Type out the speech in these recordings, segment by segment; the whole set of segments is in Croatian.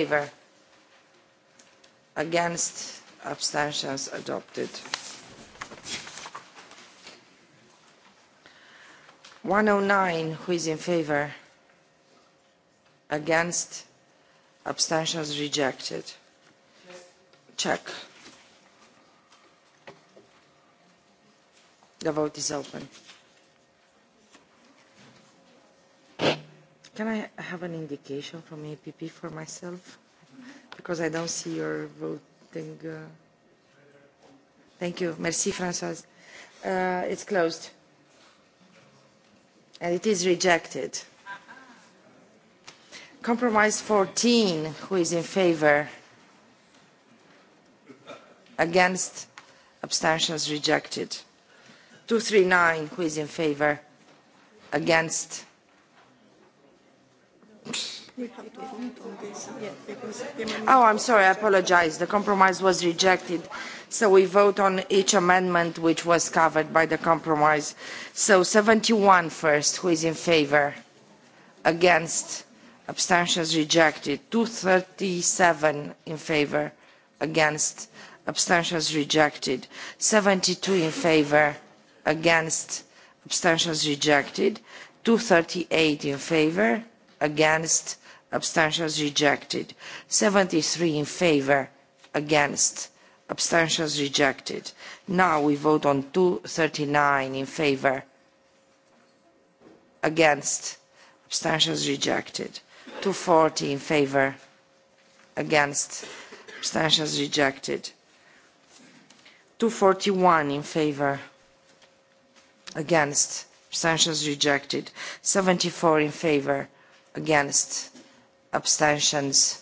favor against abstentions adopted 109 who is in favor against abstentions rejected check the vote is open Can I have an indication from APP for myself? Because I don't see your voting. Uh... Thank you. Merci, Françoise. Uh, it's closed. And it is rejected. Compromise 14, who is in favor? Against? Abstentions rejected. 239, who is in favor? Against? Oh, I'm sorry, I apologize. The compromise was rejected. So we vote on each amendment which was covered by the compromise. So 71 first, who is in favor? Against? Abstentions rejected. 237 in favor. Against? Abstentions rejected. 72 in favor. Against? Abstentions rejected. 238 in favor against abstentions rejected 73 in favor against abstentions rejected now we vote on 239 in favor against abstentions rejected 240 in favor against abstentions rejected 241 in favor against abstentions rejected 74 in favor against abstentions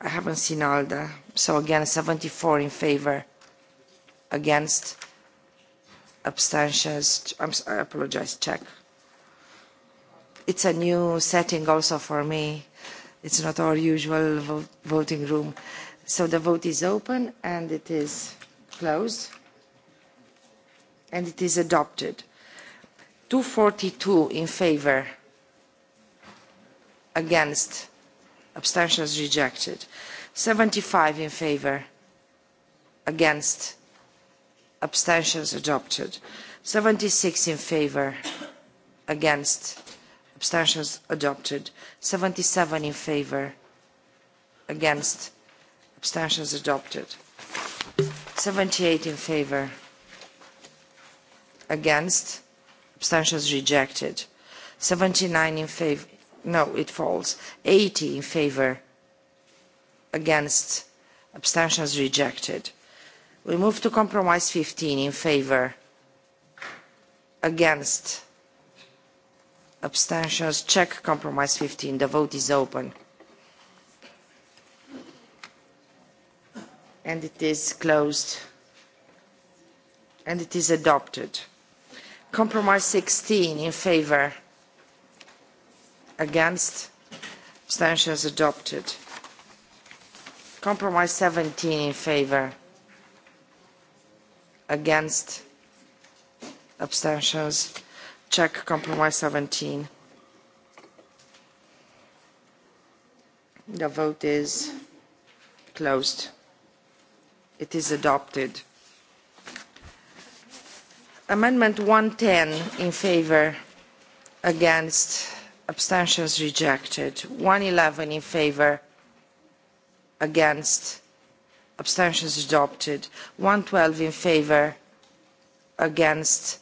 I haven't seen all the so again 74 in favor against abstentions I'm, I apologize check it's a new setting also for me it's not our usual voting room so the vote is open and it is closed and it is adopted 242 in favor against abstentions rejected 75 in favor against abstentions adopted 76 in favor against abstentions adopted 77 in favor against abstentions adopted 78 in favor against abstentions rejected 79 in favor no it falls 80 in favor against abstentions rejected we move to compromise 15 in favor against abstentions check compromise 15 the vote is open and it is closed and it is adopted compromise 16 in favor against abstentions adopted compromise 17 in favor against abstentions check compromise 17 the vote is closed it is adopted amendment 110 in favor against abstentions rejected 111 in favor against abstentions adopted 112 in favor against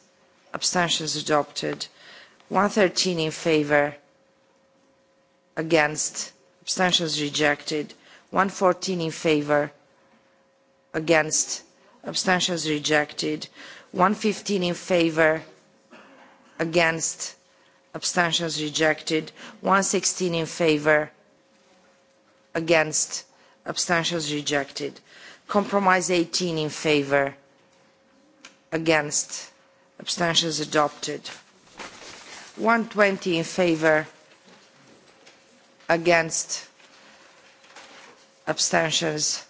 abstentions adopted 113 in favor against abstentions rejected 114 in favor against abstentions rejected 115 in favor against abstentions rejected 116 in favor against abstentions rejected compromise 18 in favor against abstentions adopted 120 in favor against abstentions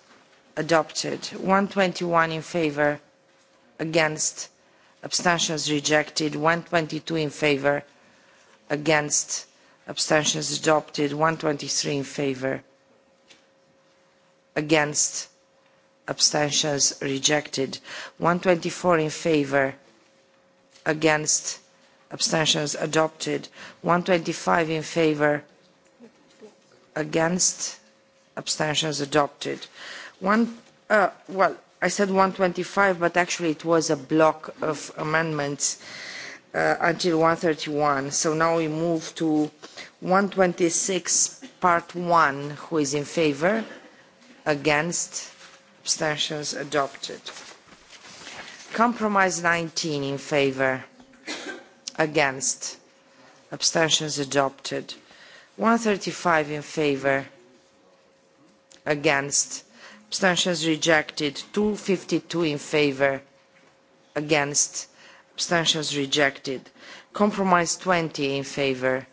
adopted 121 in favor against abstentions rejected 122 in favor against abstentions adopted 123 in favor against abstentions rejected 124 in favor against abstentions adopted 125 in favor against abstentions adopted one uh, well i said 125 but actually it was a block of amendments and uh, until 131. So now we move to 126, part 1. Who is in favor? Against? Abstentions adopted. Compromise 19 in favor. Against? Abstentions adopted. 135 in favor. Against? Abstentions rejected. 252 in favor. Against? abstentions rejected compromise 20 in favor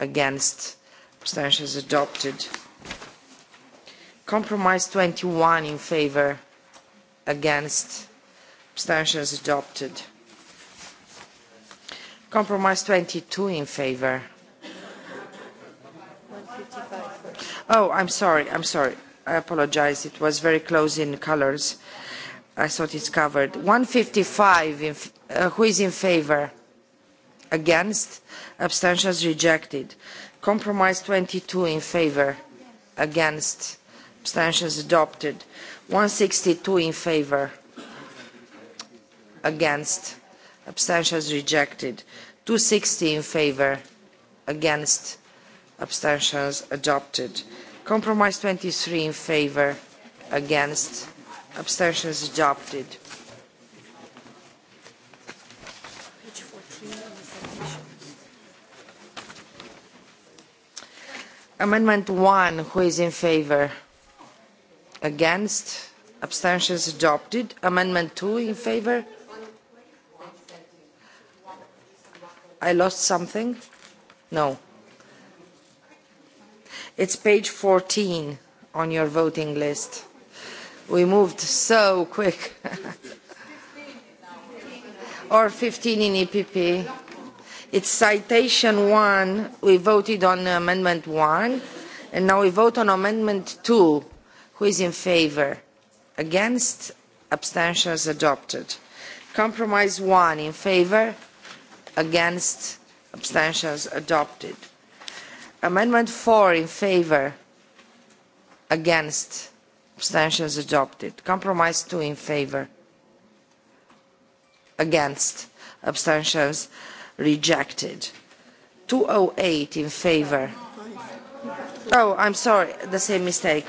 against abstentions adopted compromise 21 in favor against abstentions adopted compromise 22 in favor oh i'm sorry i'm sorry i apologize it was very close in colors i thought it's covered 155 in Uh, who is in favor? Against? Abstentions rejected. Compromise 22 in favor? Against? Abstentions adopted. 162 in favor? Against? Abstentions rejected. 260 in favor? Against? Abstentions adopted. Compromise 23 in favor? Against? Abstentions adopted. Amendment one, who is in favor? Against? Abstentions adopted. Amendment two in favor? I lost something? No. It's page 14 on your voting list. We moved so quick. Or 15 in EPP. It's citation one. We voted on amendment one. And now we vote on amendment two. Who is in favor? Against? Abstentions adopted. Compromise one in favor? Against? Abstentions adopted. Amendment four in favor? Against? Abstentions adopted. Compromise two in favor? Against? Abstentions adopted rejected 208 in favor oh i'm sorry the same mistake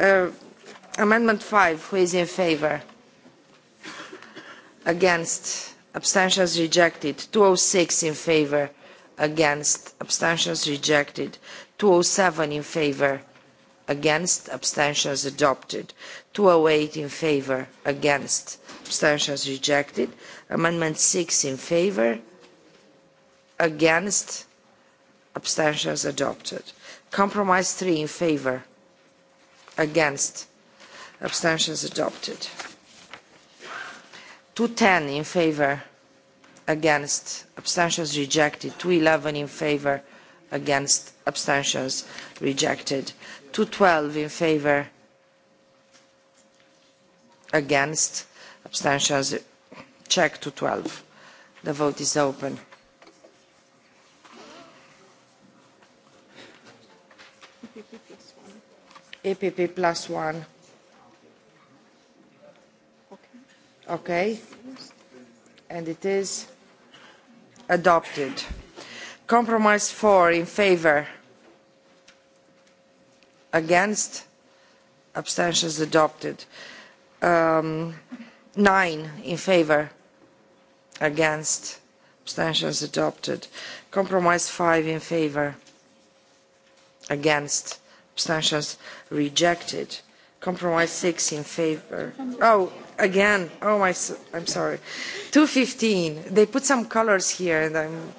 uh, amendment 5 who is in favor against abstentions rejected 206 in favor against abstentions rejected 207 in favor against abstentions adopted 208 in favor against abstentions rejected amendment 6 in favor against abstentions adopted compromise three in favor against abstentions adopted 210 in favor against abstentions rejected 211 in favor against abstentions rejected 212 in favor against abstentions check 212 the vote is open EPP plus one. Okay. And it is adopted. Compromise four in favor. Against. Abstentions adopted. Um, nine in favor. Against. Abstentions adopted. Compromise five in favor. Against abstentions rejected compromise six in favor oh again oh my i'm sorry 215 they put some colors here and i'm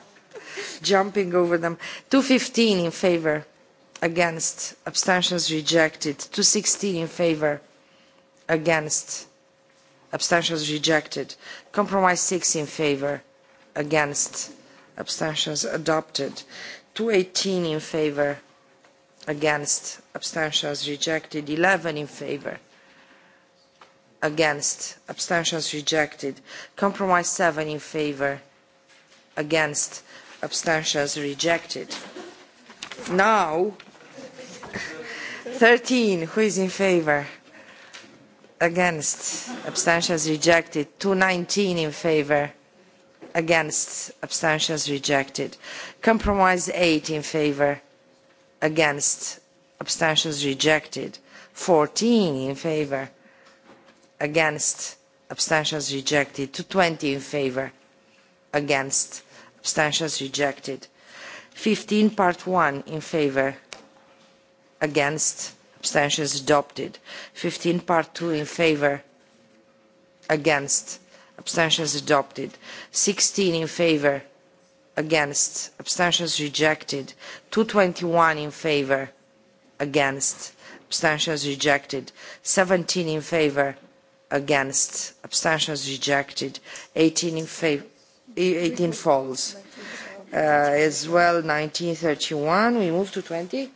jumping over them 215 in favor against abstentions rejected 216 in favor against abstentions rejected compromise six in favor against abstentions adopted 218 in favor against abstentions rejected 11 in favor against abstentions rejected compromise 7 in favor against abstentions rejected now 13 who is in favor against abstentions rejected 219 in favor against abstentions rejected compromise 8 in favor against abstentions rejected 14 in favor against abstentions rejected to 20 in favor against abstentions rejected 15 part 1 in favor against abstentions adopted 15 part 2 in favor against abstentions adopted 16 in favor against abstentions rejected 221 in favor against abstentions rejected 17 in favor against abstentions rejected 18 in favor 18 falls uh, as well 1931 we move to 20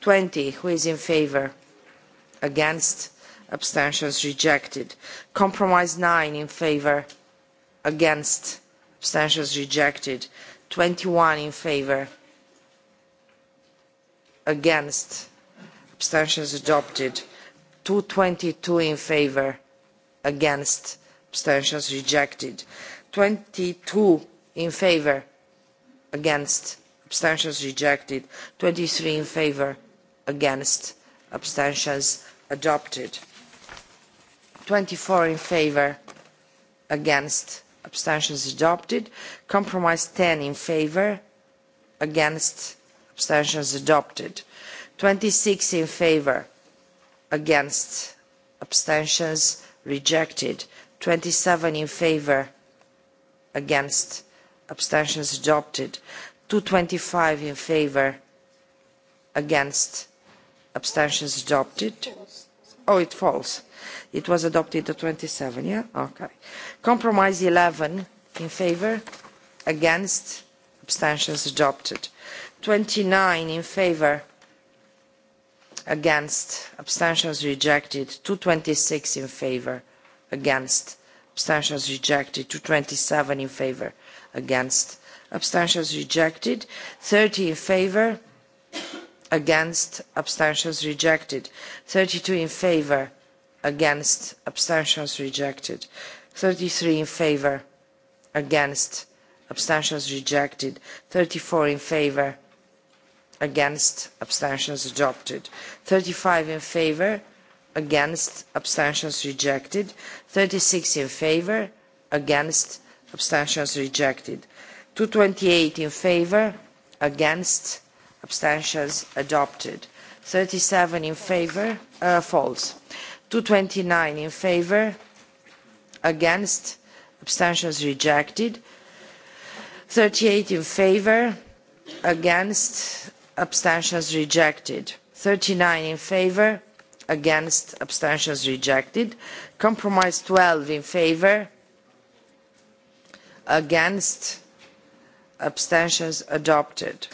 20 who is in favor against abstentions rejected compromise 9 in favor against abstentions rejected 21 in favor against abstentions adopted 222 in favor against abstentions rejected 22 in favor against abstentions rejected 23 in favor against abstentions adopted 24 in favor against abstentions adopted compromise 10 in favor against abstentions adopted 26 in favor against abstentions rejected 27 in favor against abstentions adopted 225 in favor against abstentions adopted oh it falls it was adopted at 27 yeah okay Compromise eleven in favor, against, abstentions adopted. Twenty-nine in favor, against, abstentions rejected. 226 in favor, against, abstentions rejected. 227 in favor, against, abstentions rejected. Thirty in favor, against, abstentions rejected. Thirty-two in favor, against, abstentions rejected. 33 in favor against abstentions rejected 34 in favor against abstentions adopted 35 in favor against abstentions rejected 36 in favor against abstentions rejected 228 in favor against abstentions adopted 37 in favor uh, false 229 in favor against abstentions rejected 38 in favor against abstentions rejected 39 in favor against abstentions rejected compromise 12 in favor against abstentions adopted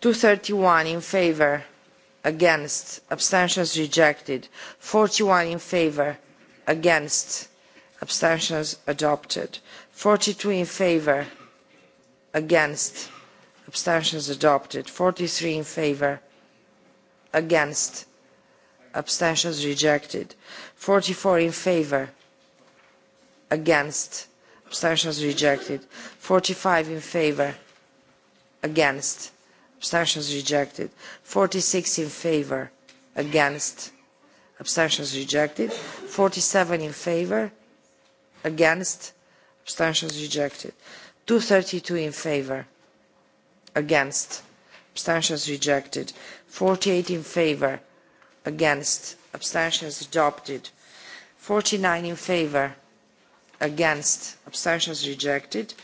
231 in favor against abstentions rejected 41 in favor against abstentions adopted Forty two in favour. against abstentions adopted Forty three in favour. against abstentions rejected Forty four in favour. against abstentions rejected Forty five in favour. against abstentions rejected Forty six in favour. against abstentions rejected 47 in favor against abstentions rejected 232 in favor against abstentions rejected 48 in favor against abstentions adopted 49 in favor against abstentions rejected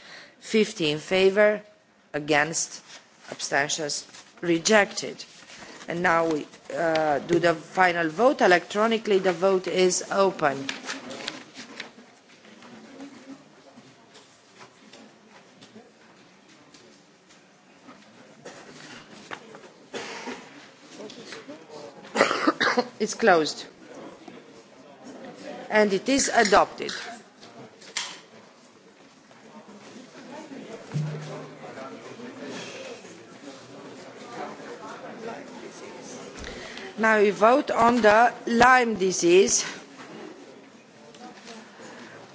Fifty in favor against abstentions rejected and now we Uh, do the final vote electronically. The vote is open. It's closed. And it is adopted. Now we vote on the Lyme disease.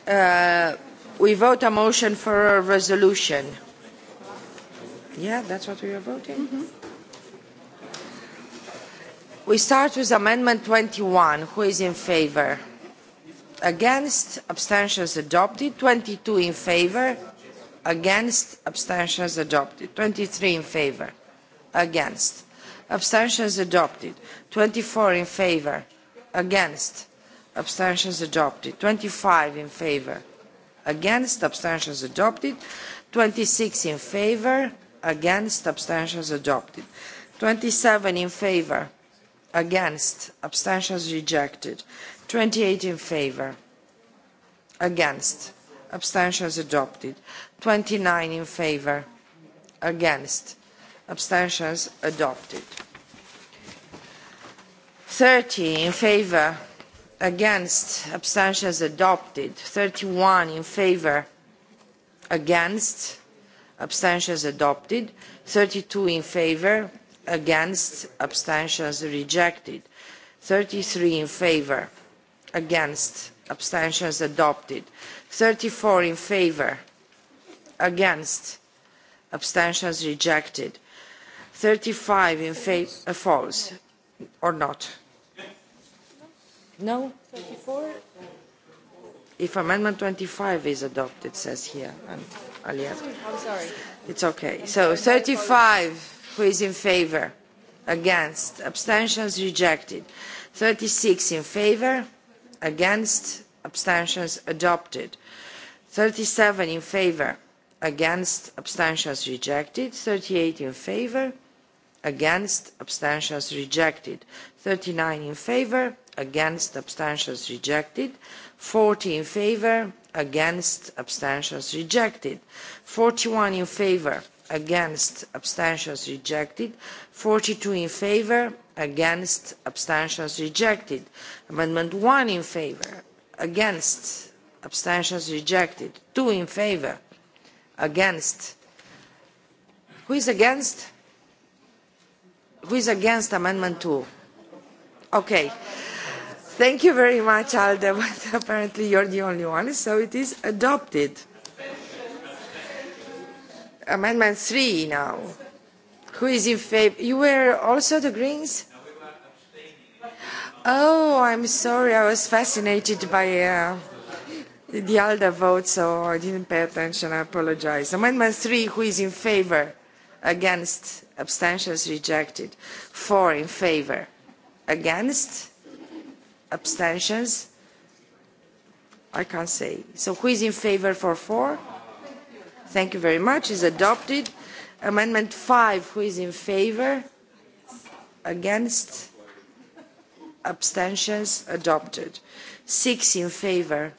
Uh, we vote a motion for a resolution. Yeah, that's what we are voting. Mm -hmm. We start with Amendment 21. Who is in favor? Against, abstentions adopted. 22 in favor. Against, abstentions adopted. 23 in favor. Against abstentions adopted 24 in favor against abstentions adopted 25 in favor against abstentions adopted 26 in favor against abstentions adopted 27 in favor against abstentions rejected 28 in favor against abstentions adopted 29 in favor against abstentions adopted 30 in favor against abstentions adopted 31 in favor against abstentions adopted 32 in favor against abstentions rejected 33 in favor against abstentions adopted 34 in favor against abstentions rejected Thirty-five in favor uh, false or not? No? 34? If amendment twenty-five is adopted, says here. and I'm sorry. It's okay. So thirty-five who is in favor? Against. Abstentions rejected. Thirty-six in favor. Against. Abstentions adopted. Thirty seven in favor. Against. Abstentions rejected. Thirty eight in favor against abstentions rejected 39 in favor against abstentions rejected 40 in favor against abstentions rejected 41 in favor against abstentions rejected 42 in favor against abstentions rejected amendment 1 in favor against abstentions rejected 2 in favor against who is against Who is against amendment two? Okay. Thank you very much, Alde, but apparently you're the only one, so it is adopted. Amendment three now. Who is in favor? You were also the Greens? Oh, I'm sorry, I was fascinated by uh, the ALDA vote, so I didn't pay attention, I apologize. Amendment three, who is in favor? Against? abstentions rejected four in favor against abstentions i can't say so who is in favor for four thank you very much is adopted amendment five who is in favor against abstentions adopted six in favor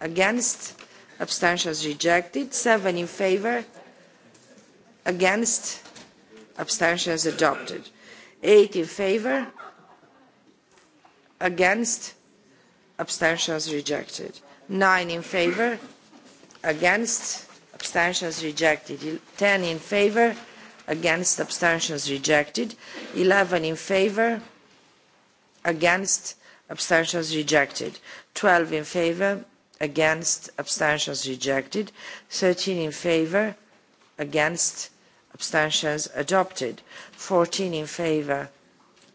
against abstentions rejected seven in favor against abstentions adopted. Eight in favor, against, abstentions rejected. Nine in favor, against, abstentions rejected. Ten in favor, against, abstentions rejected. Eleven in favor, against, abstentions rejected. Twelve in favor, against, abstentions rejected. Thirteen in favor, against, abstentions adopted 14 in favor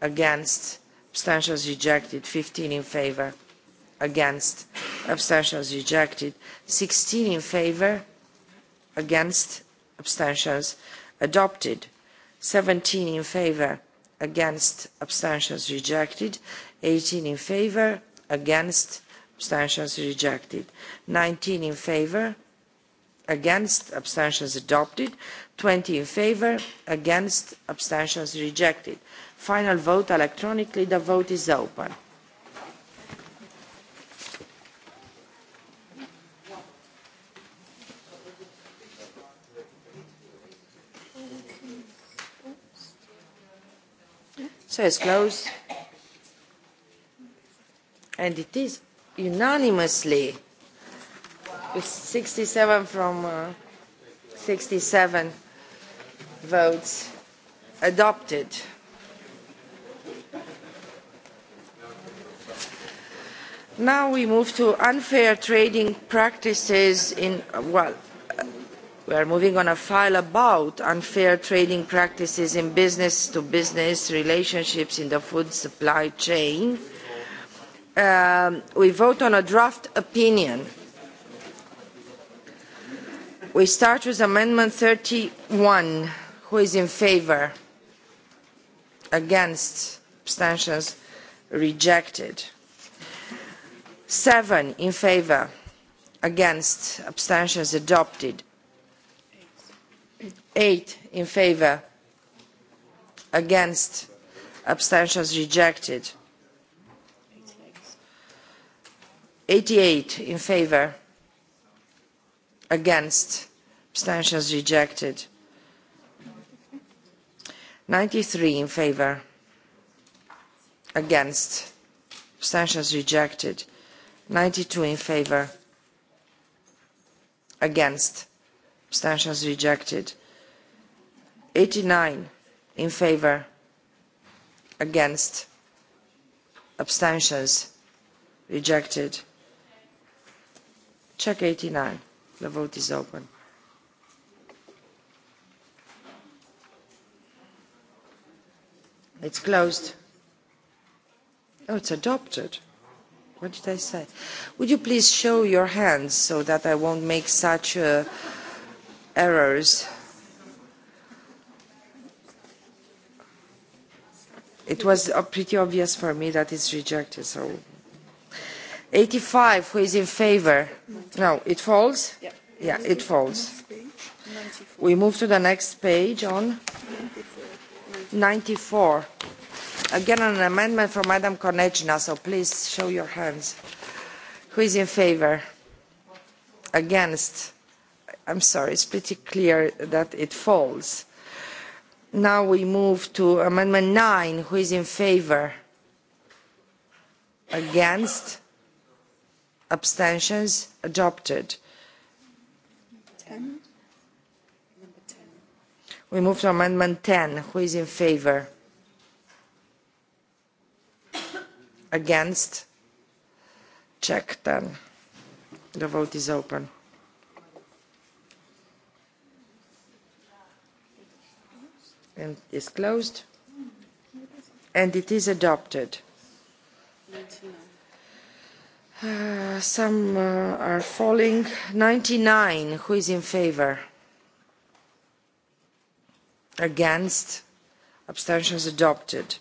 against abstentions rejected 15 in favor against abstentions rejected 16 in favor against abstentions adopted 17 in favor against abstentions rejected 18 in favor against abstentions rejected 19 in favor against abstentions adopted 20 in favor against abstentions rejected final vote electronically the vote is open so it's closed and it is unanimously with 67 from 67 uh, votes adopted. Now we move to unfair trading practices in, well, we are moving on a file about unfair trading practices in business to business relationships in the food supply chain. Um, we vote on a draft opinion. We start with amendment 31. Who is in favor? Against? Abstentions? Rejected. Seven in favor? Against? Abstentions? Adopted. Eight in favor? Against? Abstentions? Rejected. Eighty-eight in favor against abstentions rejected 93 in favor against abstentions rejected 92 in favor against abstentions rejected 89 in favor against abstentions rejected check 89 the vote is open It's closed. Oh, it's adopted. What did I say? Would you please show your hands so that I won't make such uh, errors? It was uh, pretty obvious for me that it's rejected, so... 85, who is in favor? No, it falls? Yeah, it falls. We move to the next page on... 94. Again, an amendment from Madam Konechina, so please show your hands. Who is in favor? Against? I'm sorry, it's pretty clear that it falls. Now we move to Amendment 9. Who is in favor? Against? Abstentions? Adopted. 10. We move to amendment 10. Who is in favor? Against? Check then. The vote is open. And is closed. And it is adopted. Uh, some uh, are falling. 99. Who is in favor? against abstentions adopted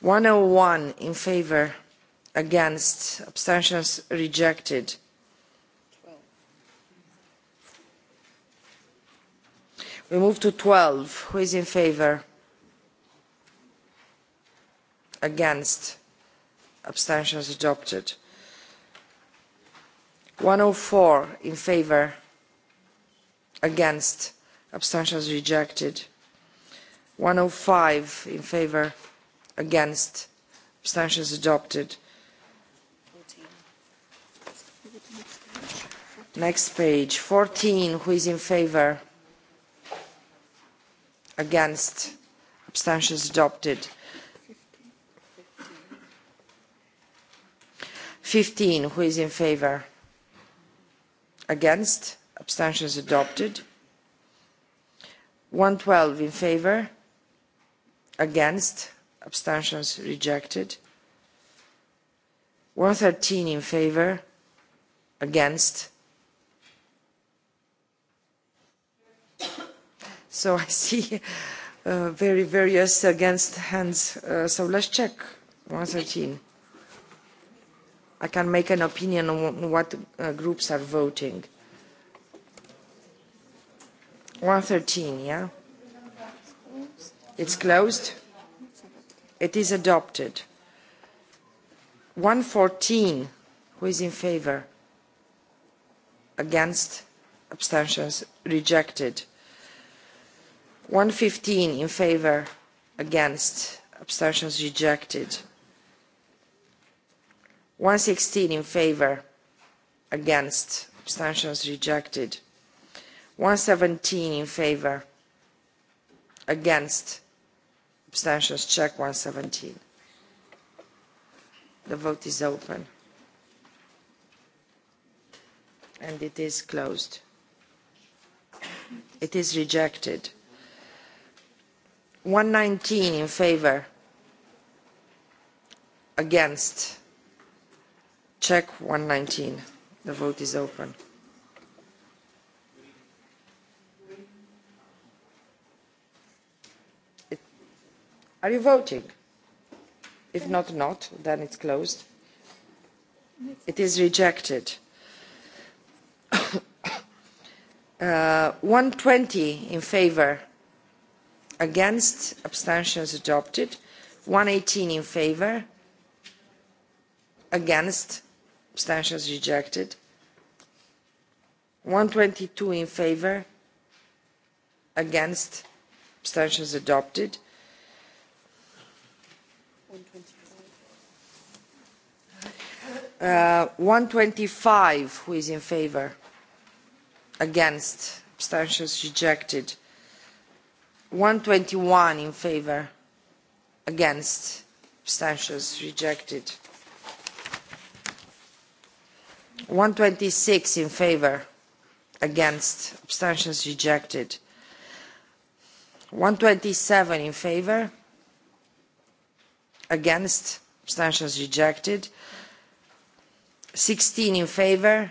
101 in favor against abstentions rejected we move to 12 who is in favor against abstentions adopted 104 in favor against abstentions rejected 105 in favor against abstentions adopted next page 14 who is in favor against abstentions adopted 15 who is in favor against abstentions adopted 112 in favor against abstentions rejected 113 in favor against so i see uh, very various against hands uh, so let's check 113 i can make an opinion on what uh, groups are voting 113, yeah? It's closed. It is adopted. 114, who is in favor? Against? Abstentions? Rejected. 115, in favor? Against? Abstentions? Rejected. 116, in favor? Against? Abstentions? Rejected. 117 in favor against abstentions check 117 the vote is open and it is closed it is rejected 119 in favor against check 119 the vote is open Are you voting? If not, not. Then it's closed. It is rejected. uh, 120 in favor. Against. Abstentions adopted. 118 in favor. Against. Abstentions rejected. 122 in favor. Against. Abstentions adopted. 125 uh, who is in favor against abstentions rejected 121 in favor against abstentions rejected 126 in favor against abstentions rejected 127 in favor against abstentions rejected 16 in favor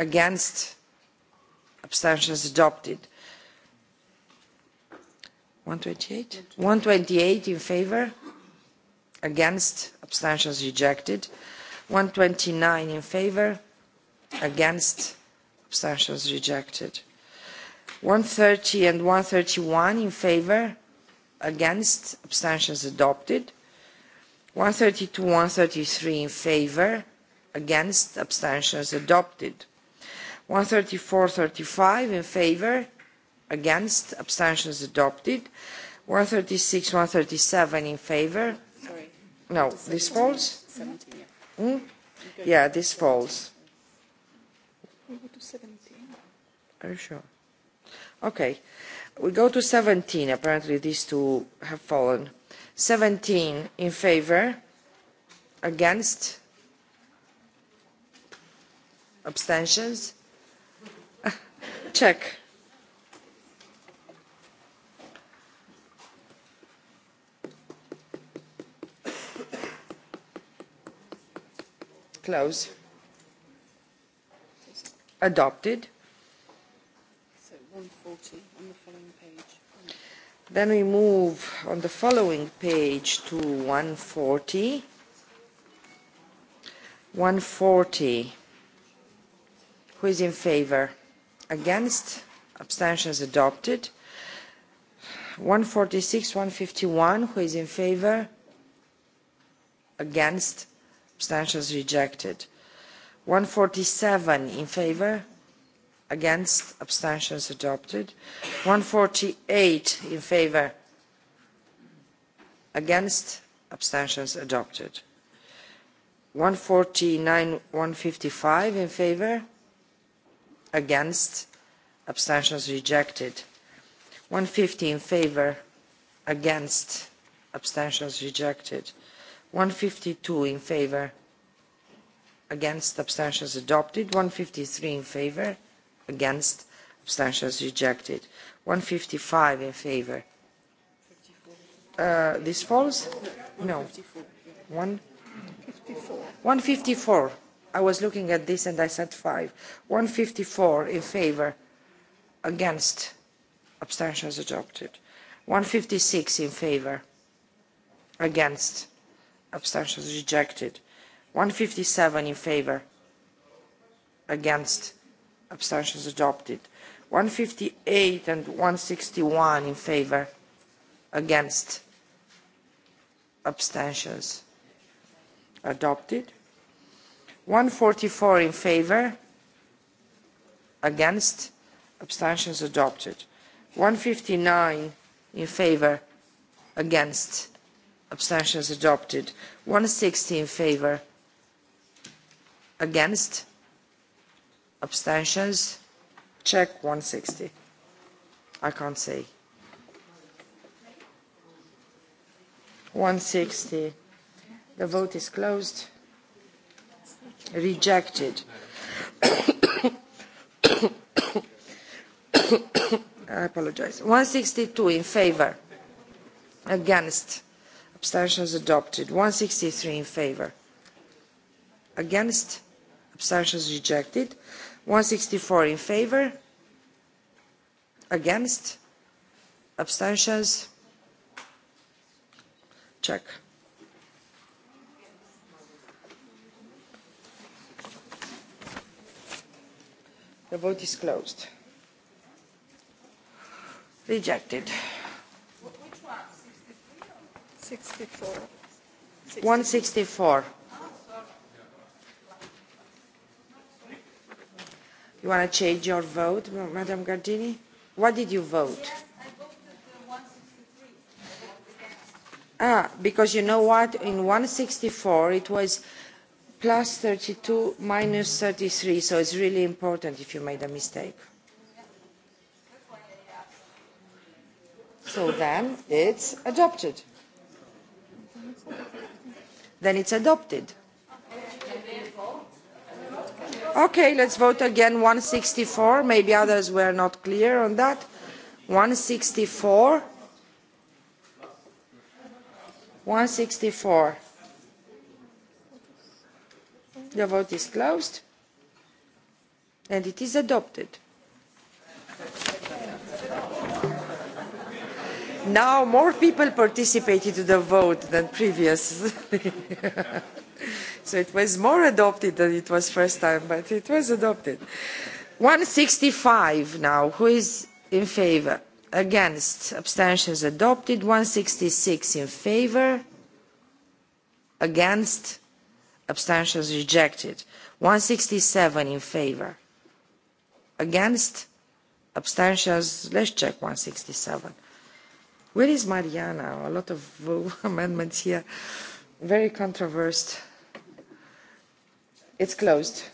against abstentions adopted 128 128 in favor against abstentions rejected 129 in favor against abstentions rejected 130 and 131 in favor against abstentions adopted 132, 133 in favor, against, abstentions adopted. 134, 35 in favor, against, abstentions adopted. 136, 137 in favor. Sorry. No, this falls? 17, yeah. Hmm? Yeah, this falls. We go to 17. Are you sure? Okay. We go to 17. Apparently these two have fallen. 17 in favor against abstentions check close adopted Then we move on the following page to 140. 140. Who is in favor? Against? Abstentions adopted. 146, 151. Who is in favor? Against? Abstentions rejected. 147 in favor? against abstentions adopted 148 in favor against abstentions adopted 149 155 in favor against abstentions rejected fifty in favor against abstentions rejected 152 in favor against abstentions adopted 153 in favor against abstentions rejected 155 in favor uh, this falls no 154 I was looking at this and I said five 154 in favor against abstentions adopted 156 in favor against abstentions rejected 157 in favor against abstentions adopted 158 and 161 in favor against abstentions adopted 144 in favor against abstentions adopted 159 in favor against abstentions adopted 160 in favor against abstentions check 160 i can't see 160 the vote is closed rejected i apologize 162 in favor against abstentions adopted 163 in favor against abstentions rejected 164 in favor against abstentions check the vote is closed rejected 64. 164 You want to change your vote, Madam Gardini? What did you vote? Ah, because you know what? In 164, it was plus 32 minus 33, so it's really important if you made a mistake. So then it's adopted. Then it's adopted. Okay, let's vote again 164. Maybe others were not clear on that. 164. 164. The vote is closed. And it is adopted. Now more people participated to the vote than previously. So it was more adopted than it was first time, but it was adopted. 165 now. Who is in favor? Against. Abstentions adopted. 166 in favor. Against. Abstentions rejected. 167 in favor. Against. Abstentions. Let's check 167. Where is Mariana? A lot of amendments here. Very controversial. It's closed.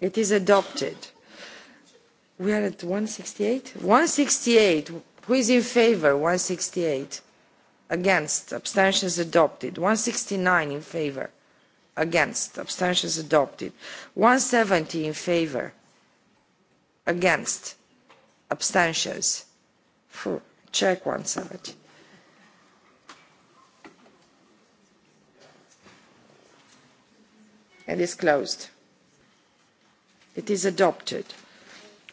It is adopted. We are at 168. 168. Who is in favor? 168. Against. Abstentions adopted. 169 in favor. Against. Abstentions adopted. 170 in favor. Against. Abstentions. Check 170. and is closed. It is adopted.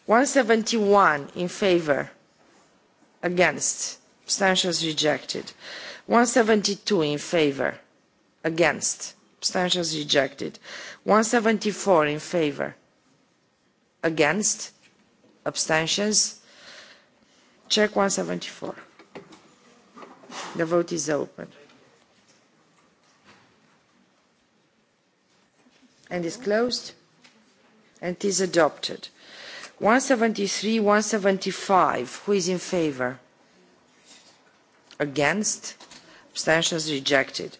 171 in favor, against, abstentions rejected. 172 in favor, against, abstentions rejected. 174 in favor, against, abstentions. Check 174. The vote is open. and is closed and is adopted One one seventy three, seventy five. who is in favor against abstentions rejected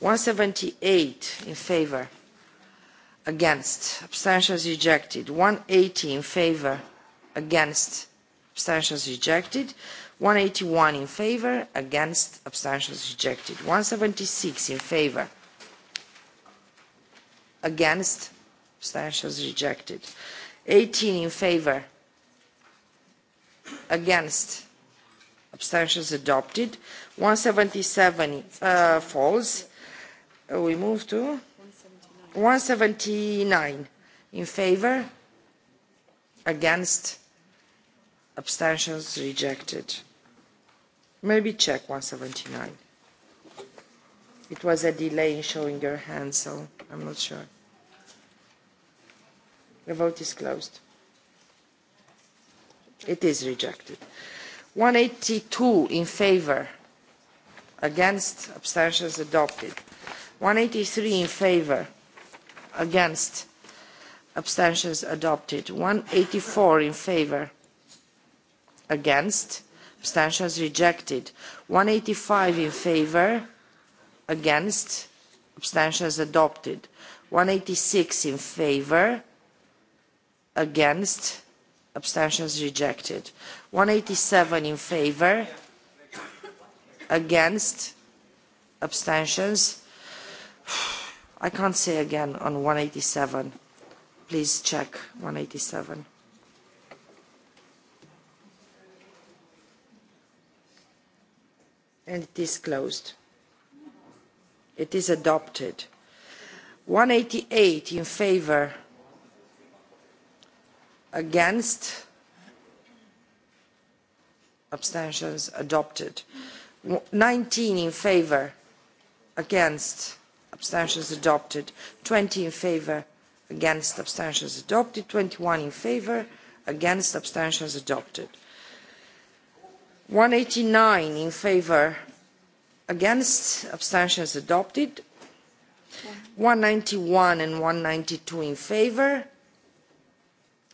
One seventy-eight in favor against abstentions rejected eighty in favor against abstentions rejected 181 in favor against abstentions rejected 176 in favor against abstentions rejected 18 in favor against abstentions adopted 177 uh, falls uh, we move to 179 in favor against abstentions rejected maybe check 179 it was a delay in showing your hand so i'm not sure The vote is closed. It is rejected. 182 in favor, against, abstentions adopted. 183 in favor, against, abstentions adopted. 184 in favor, against, abstentions rejected. 185 in favor, against, abstentions adopted. 186 in favor, against abstentions rejected 187 in favor against abstentions i can't say again on 187 please check 187 and it is closed it is adopted 188 in favor against abstentions adopted 19 in favor against abstentions adopted 20 in favor against abstentions adopted 21 in favor against abstentions adopted 189 in favor against abstentions adopted 191 and 192 in favor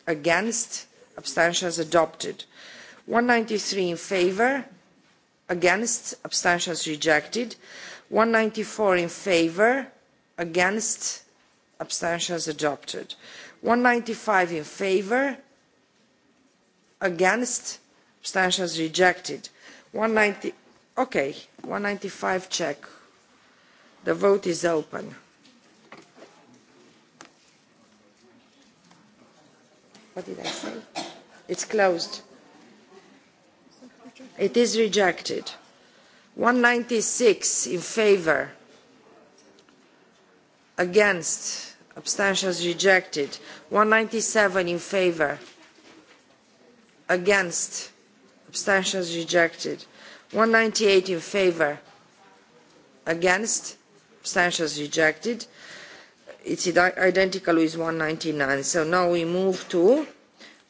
against abstentions adopted 193 in favor against abstentions rejected 194 in favor against abstentions adopted 195 in favor against abstentions rejected 190 okay 195 check the vote is open What did I say? It's closed. It is rejected. 196 in favor. Against. Abstentions rejected. 197 in favor. Against. Abstentions rejected. 198 in favor. Against. Abstentions rejected. It's identical with 199. So now we move to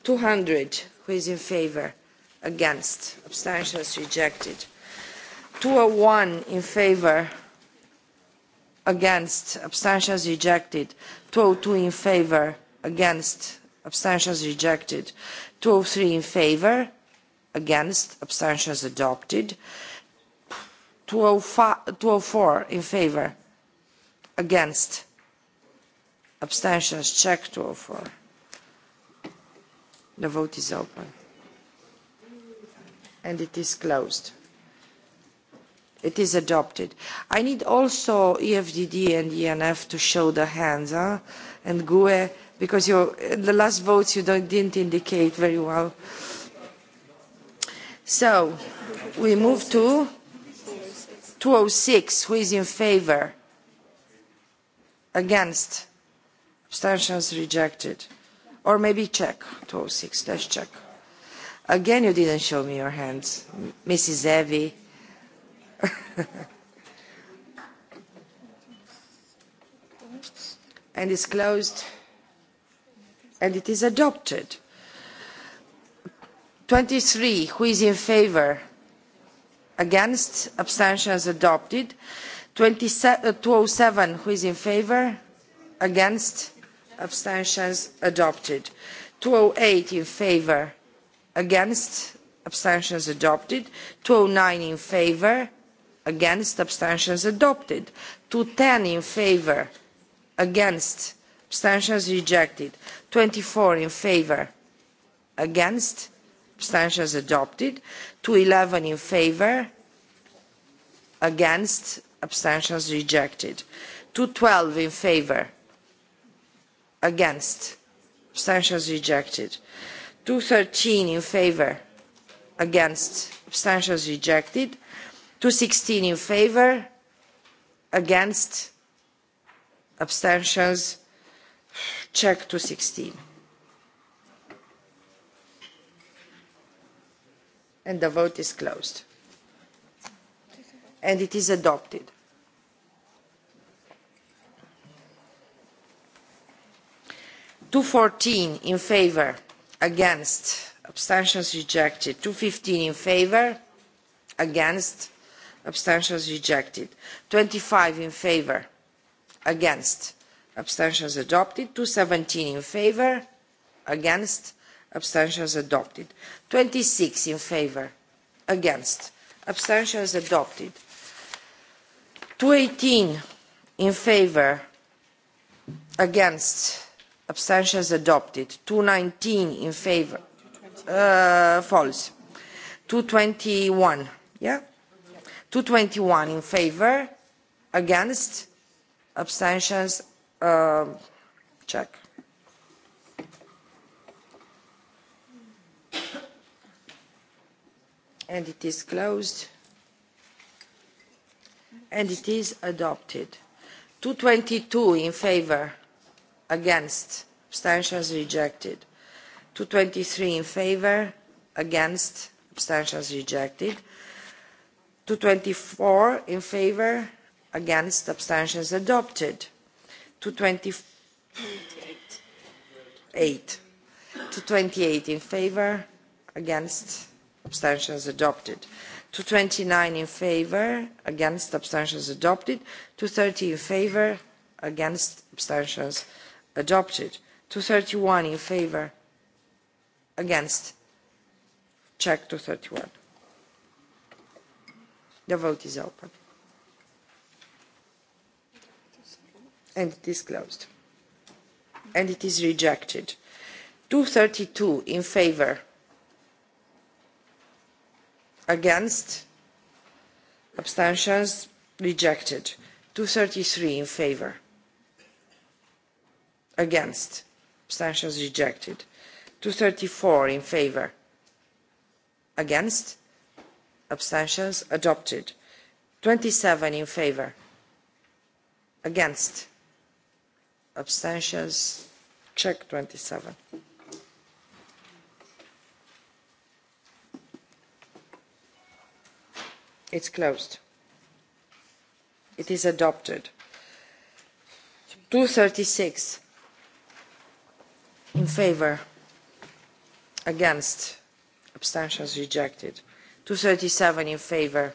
200. Who is in favor? Against. Abstentions rejected. 201 in favor. Against. Abstentions rejected. 202 in favor. Against. Abstentions rejected. 203 in favor. Against. Abstentions adopted. 204 in favor. Against abstentions check 204 the vote is open and it is closed it is adopted i need also efdd and enf to show the hands huh? and gue because you in the last votes you don't, didn't indicate very well so we move to 206 who is in favor against abstentions rejected or maybe check six, let's check again you didn't show me your hands mrs evi and is closed and it is adopted 23 who is in favor against abstentions adopted 207 uh, who is in favor against abstentions adopted 208 in favor against abstentions adopted 209 in favor against abstentions adopted 210 in favor against abstentions rejected 24 in favor against abstentions adopted 211 in favor against abstentions rejected 212 in favor against abstentions rejected 213 in favor against abstentions rejected 216 in favor against abstentions check 216 and the vote is closed and it is adopted fourteen in favor against abstentions rejected Two fifteen in favor against abstentions rejected Twenty five in favor against abstentions adopted Two seventeen in favor against abstentions adopted Twenty six in favor against abstentions adopted Two eighteen in favor against abstentions adopted 219 in favor uh, false 221 yeah 221 in favor against abstentions uh, check and it is closed and it is adopted 222 in favor against abstentions rejected 223 in favor against abstentions rejected 224 in favor against abstentions adopted 228 228 in favor against abstentions adopted 229 in favor against abstentions adopted 230 in favor against abstentions adopted 231 in favor against check 231 the vote is open and it is closed and it is rejected 232 in favor against abstentions rejected 233 in favor against abstentions rejected 234 in favor against abstentions adopted 27 in favor against abstentions check 27 it's closed it is adopted 236 in favor against abstentions rejected 237 in favor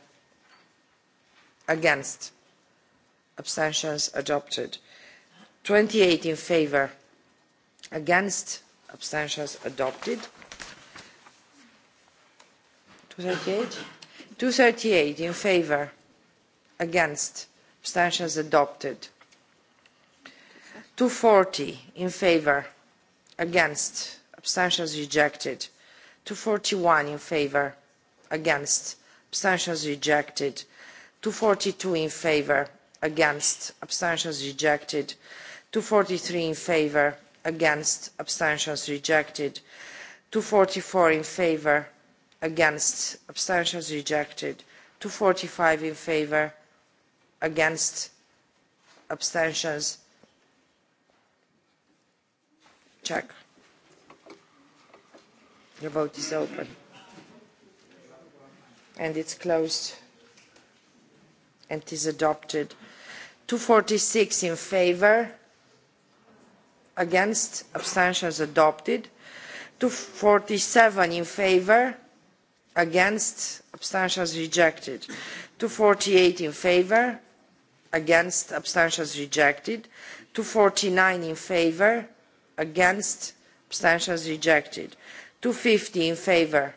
against abstentions adopted 28 in favor against abstentions adopted thirty eight in favor against abstentions adopted 240 in favor against abstentions rejected 241 in favor against abstentions rejected 242 in favor against abstentions rejected 243 in favor against abstentions rejected 244 in favor against abstentions rejected 245 in favor against abstentions check. The vote is open. And it's closed. And is adopted. 246 in favor. Against. Abstentions adopted. 247 in favor. Against. Abstentions rejected. 248 in favor. Against. Abstentions rejected. 249 in favor against abstentions rejected 250 in favor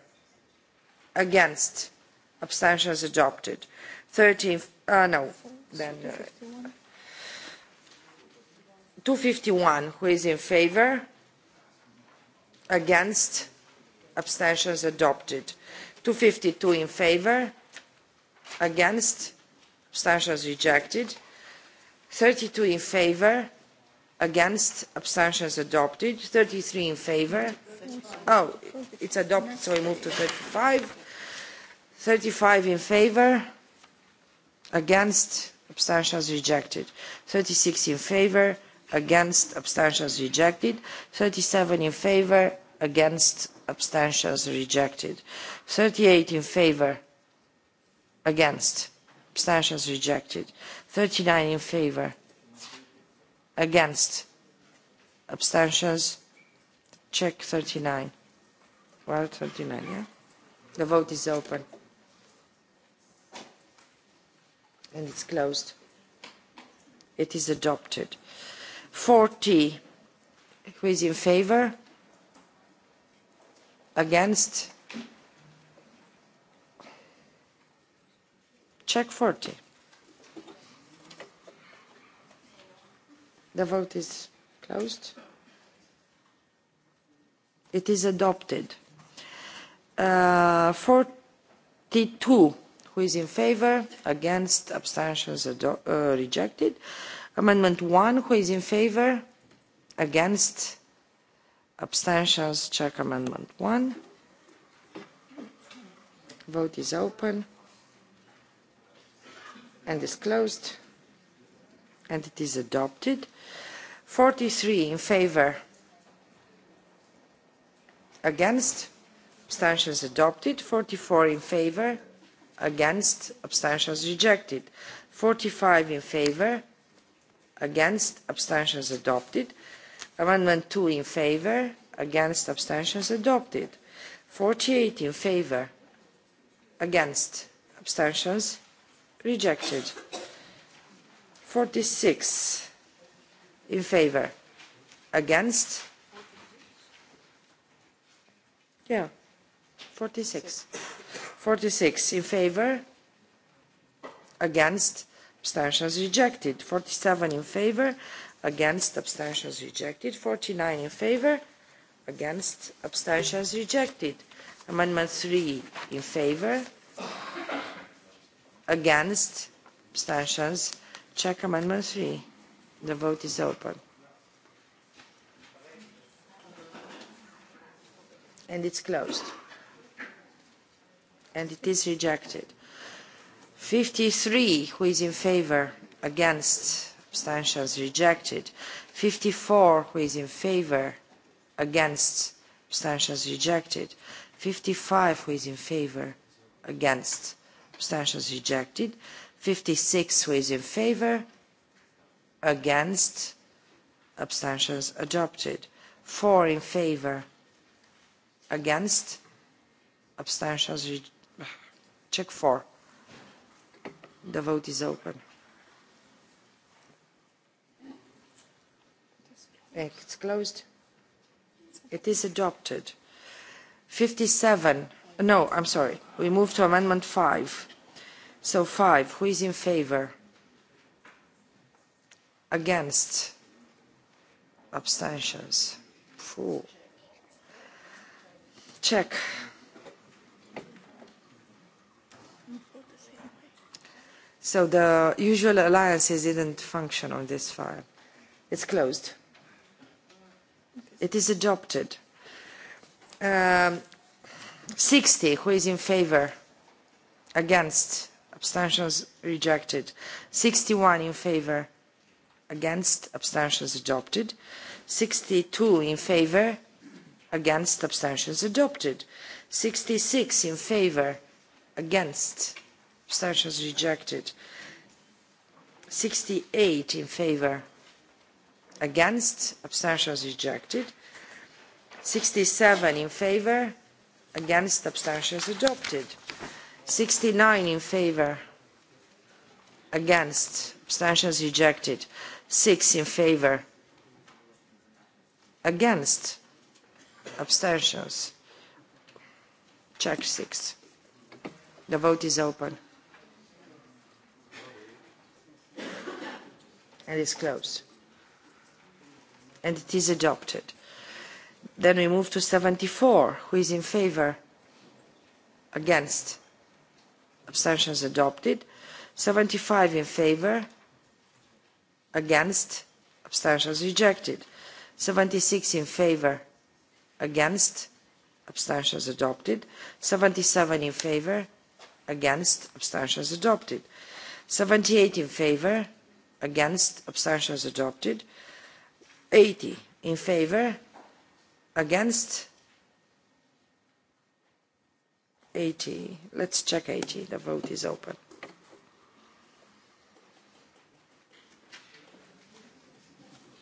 against abstentions adopted 13 uh, no then uh, 251 who is in favor against abstentions adopted 252 in favor against abstentions rejected 32 in favor against abstentions adopted 33 in favor oh it's adopted so we move to 35 35 in favor against abstentions rejected 36 in favor against abstentions rejected 37 in favor against abstentions rejected 38 in favor against abstentions rejected 39 in favor against abstentions check 39 well 39 yeah the vote is open and it's closed it is adopted 40 who is in favor against check 40 The vote is closed. It is adopted. Uh, 42. Who is in favor? Against? Abstentions uh, rejected. Amendment 1. Who is in favor? Against? Abstentions. Check Amendment 1. Vote is open and is closed and it is adopted. 43 in favor, against, abstentions adopted. 44 in favor, against, abstentions rejected. 45 in favor, against, abstentions adopted. Amendment 2 in favor, against, abstentions adopted. 48 in favor, against, abstentions rejected. 46 in favor against yeah 46 46 in favor against abstentions rejected 47 in favor against abstentions rejected 49 in favor against abstentions rejected amendment 3 in favor against abstentions rejected Check amendment three. The vote is open. And it's closed. And it is rejected. 53, who is in favor? Against? Abstentions rejected. 54, who is in favor? Against? Abstentions rejected. 55, who is in favor? Against? Abstentions rejected. 56 who is in favor against abstentions adopted Four in favor against abstentions check four. the vote is open it's closed it is adopted 57 no i'm sorry we move to amendment 5 So five, who is in favor? Against? Abstentions? Four. Check. So the usual alliances didn't function on this file. It's closed. It is adopted. Um, 60, who is in favor? Against? abstentions rejected 61 in favor against abstentions adopted 62 in favor against abstentions adopted 66 in favor against abstentions rejected 68 in favor against abstentions rejected 67 in favor against abstentions adopted 69 in favor against abstentions rejected 6 in favor against abstentions check 6 the vote is open and is closed and it is adopted then we move to 74 who is in favor against abstentions adopted 75 in favor against abstentions rejected 76 in favor against abstentions adopted 77 in favor against abstentions adopted 78 in favor against abstentions adopted 80 in favor against 80. Let's check 80. The vote is open.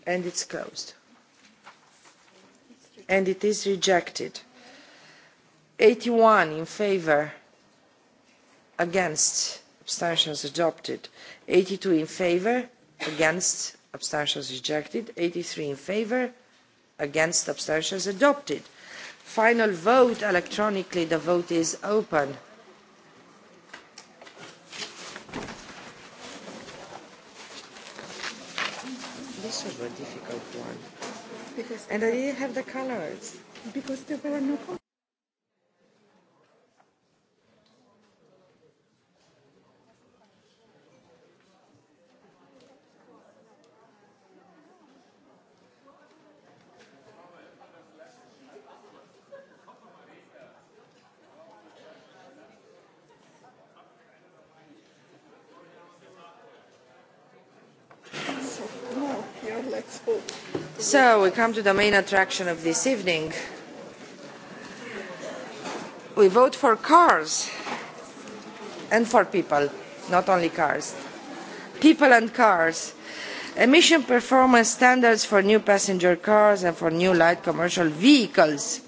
And it's closed. And it is rejected. 81 in favor, against, abstentions adopted. 82 in favor, against, abstentions rejected. 83 in favor, against, abstentions adopted. Final vote electronically. The vote is open. This was a difficult one. Because and I didn't have the colors. Because there were no colors. So we come to the main attraction of this evening. We vote for cars and for people, not only cars. People and cars. Emission performance standards for new passenger cars and for new light commercial vehicles.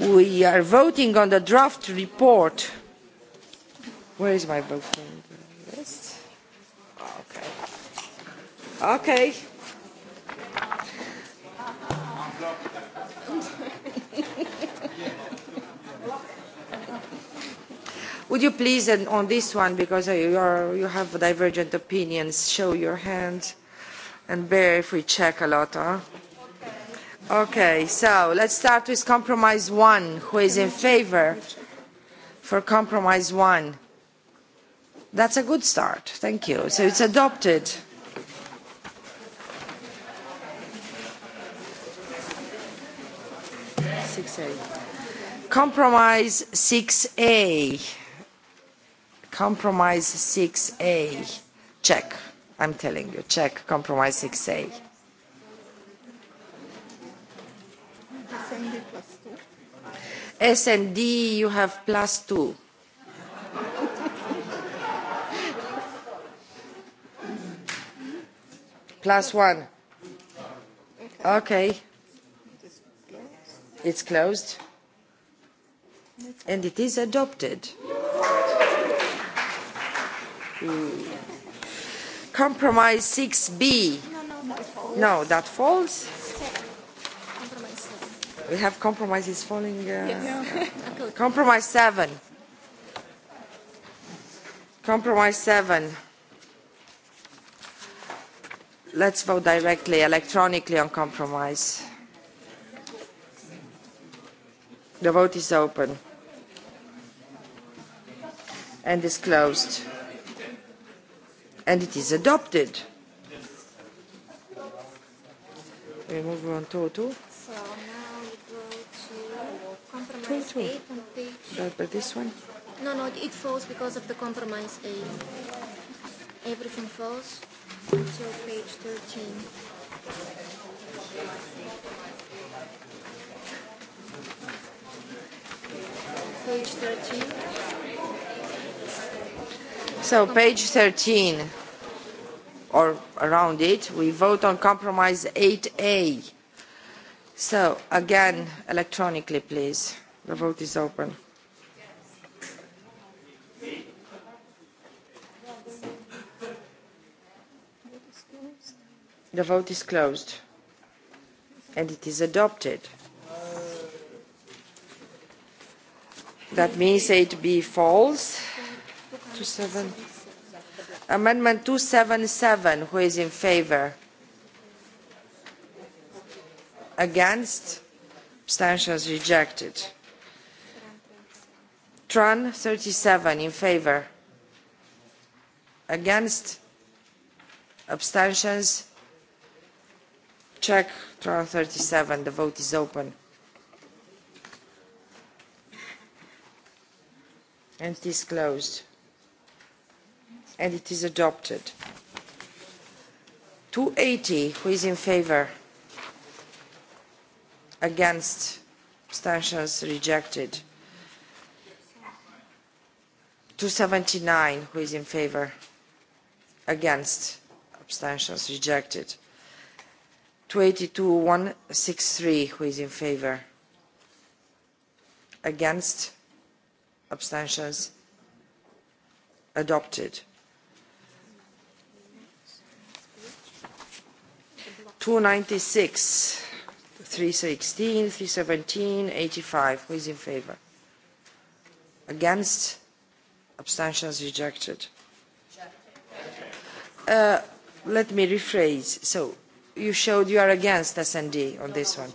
We are voting on the draft report. Where is my book? Okay. Okay. Would you please, and on this one, because you, are, you have divergent opinions, show your hand and bear if we check a lot, huh? Okay. so let's start with compromise one. Who is in favor for compromise one? That's a good start. Thank you. So it's adopted. Six A. Compromise six A. Compromise 6A. Check. I'm telling you. Check. Compromise 6A. SND you have plus two. plus one. Okay. It's closed. And it is adopted. Compromise 6B. No, that falls. We have compromises falling. Uh, compromise 7. Compromise 7. Let's vote directly, electronically on compromise. The vote is open and is closed and it is adopted. We move on to two. So now we go to compromise eight on page. But, this one? No, no, it falls because of the compromise eight. Everything falls until page 13. Page 13. So page 13 or around it, we vote on compromise 8A. So again, electronically, please. The vote is open. The vote is closed and it is adopted. That means 8B false. Amendment 277. Who is in favor? Against? Abstentions rejected. Tran 37 in favor. Against? Abstentions? Check Tran 37. The vote is open. And it is closed and it is adopted. 280, who is in favor? Against, abstentions rejected. 279, who is in favor? Against, abstentions rejected. 282, 163, who is in favor? Against, abstentions adopted. 296, 316, 317, 85. Who is in favor? Against? Abstentions rejected. Uh, let me rephrase. So you showed you are against SND on this one.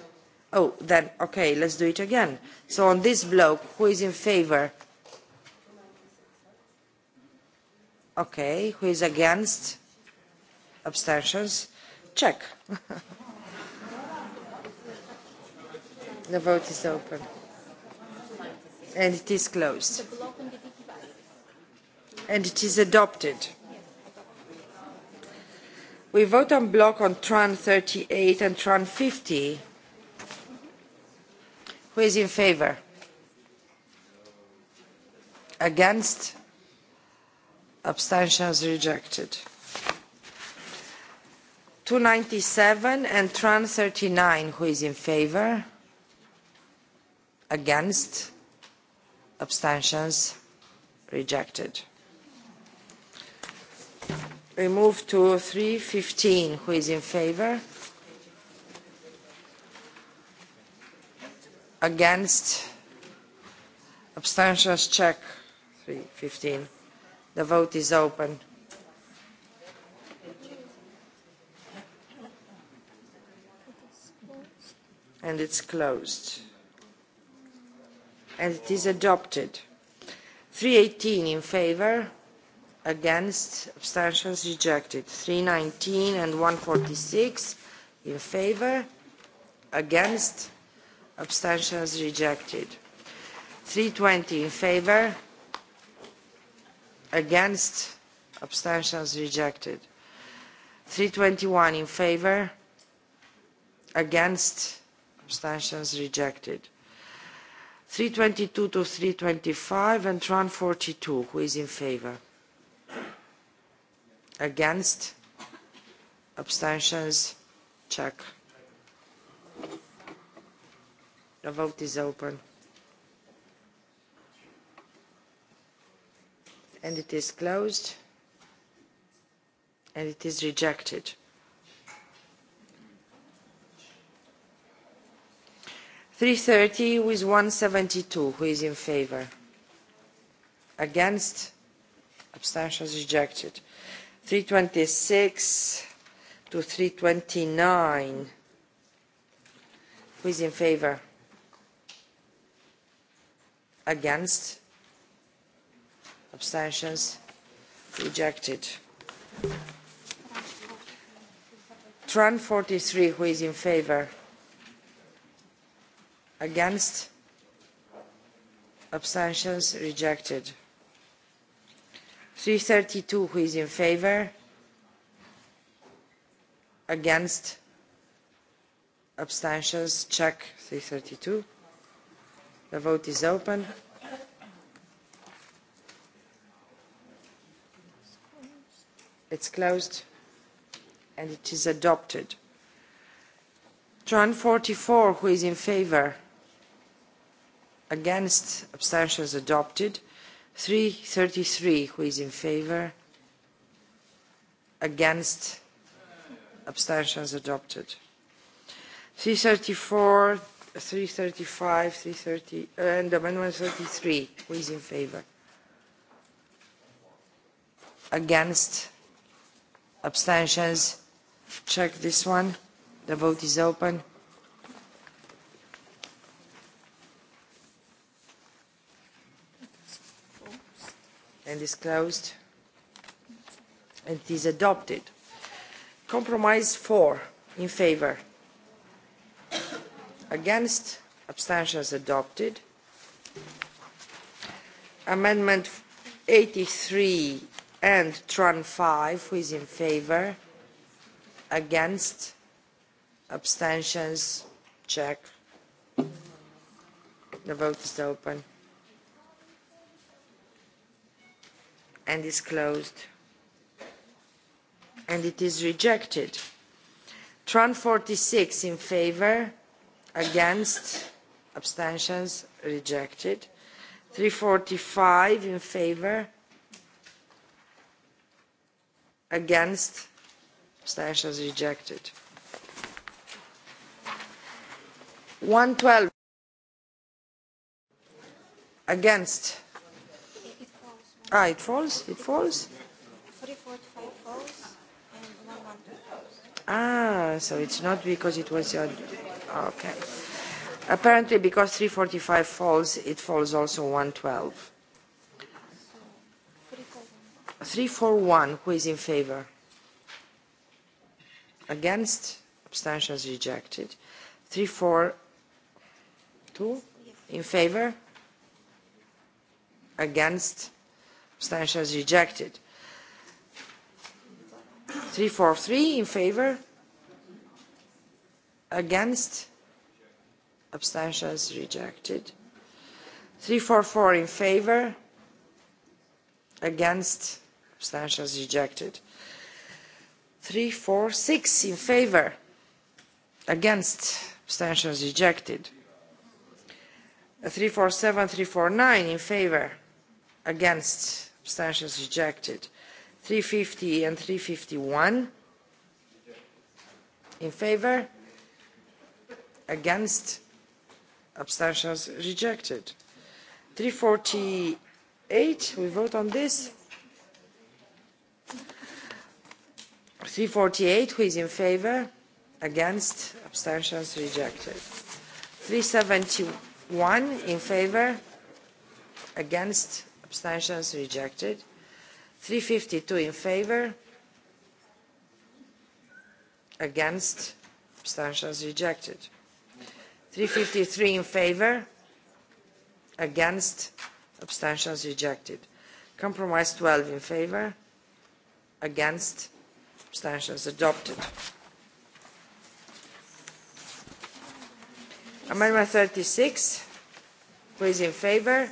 Oh, then, okay, let's do it again. So on this block, who is in favor? Okay, who is against? Abstentions? check. the vote is open. And it is closed. And it is adopted. We vote on block on Tran 38 and Tran 50. Who is in favor? Against? Abstentions rejected. 297 and thirty 39. Who is in favor? Against? Abstentions? Rejected. We move to 315. Who is in favor? Against? Abstentions? Check. 315. The vote is open. and it's closed and it is adopted 318 in favor against abstentions rejected 319 and 146 in favor against abstentions rejected 320 in favor against abstentions rejected 321 in favor against abstentions rejected 322 to 325 and forty two. who is in favor against abstentions check the vote is open and it is closed and it is rejected 330 with 172. Who is in favor? Against? Abstentions rejected. 326 to 329. Who is in favor? Against? Abstentions rejected. Tran 43. Who is in favor? against abstentions rejected 332 who is in favor against abstentions check 332 the vote is open it's closed and it is adopted 244 44 who is in favor against abstentions adopted 333 who is in favor against abstentions adopted 334 335 330 and amendment 33 who is in favor against abstentions check this one the vote is open and is closed and is adopted compromise four. in favor against abstentions adopted amendment 83 and tran 5 who is in favor against abstentions check the vote is open and is closed and it is rejected tran 46 in favor against abstentions rejected 345 in favor against abstentions rejected 112 against Ah, it falls? It falls? 345 falls and 112 falls. Ah, so it's not because it was... A, ah, okay. Apparently because 345 falls, it falls also 112. 341, who is in favor? Against? Abstentions rejected. 342, in favor? Against? is rejected 343 in favor against is rejected 344 in favor against is rejected 346 in favor against is rejected 347 349 in favor against abstentions rejected 350 and 351 in favor against abstentions rejected 348 we vote on this 348 who is in favor against abstentions rejected 371 in favor against abstentions rejected 352 in favor against abstentions rejected 353 in favor against abstentions rejected compromise 12 in favor against abstentions adopted amendment 36 who is in favor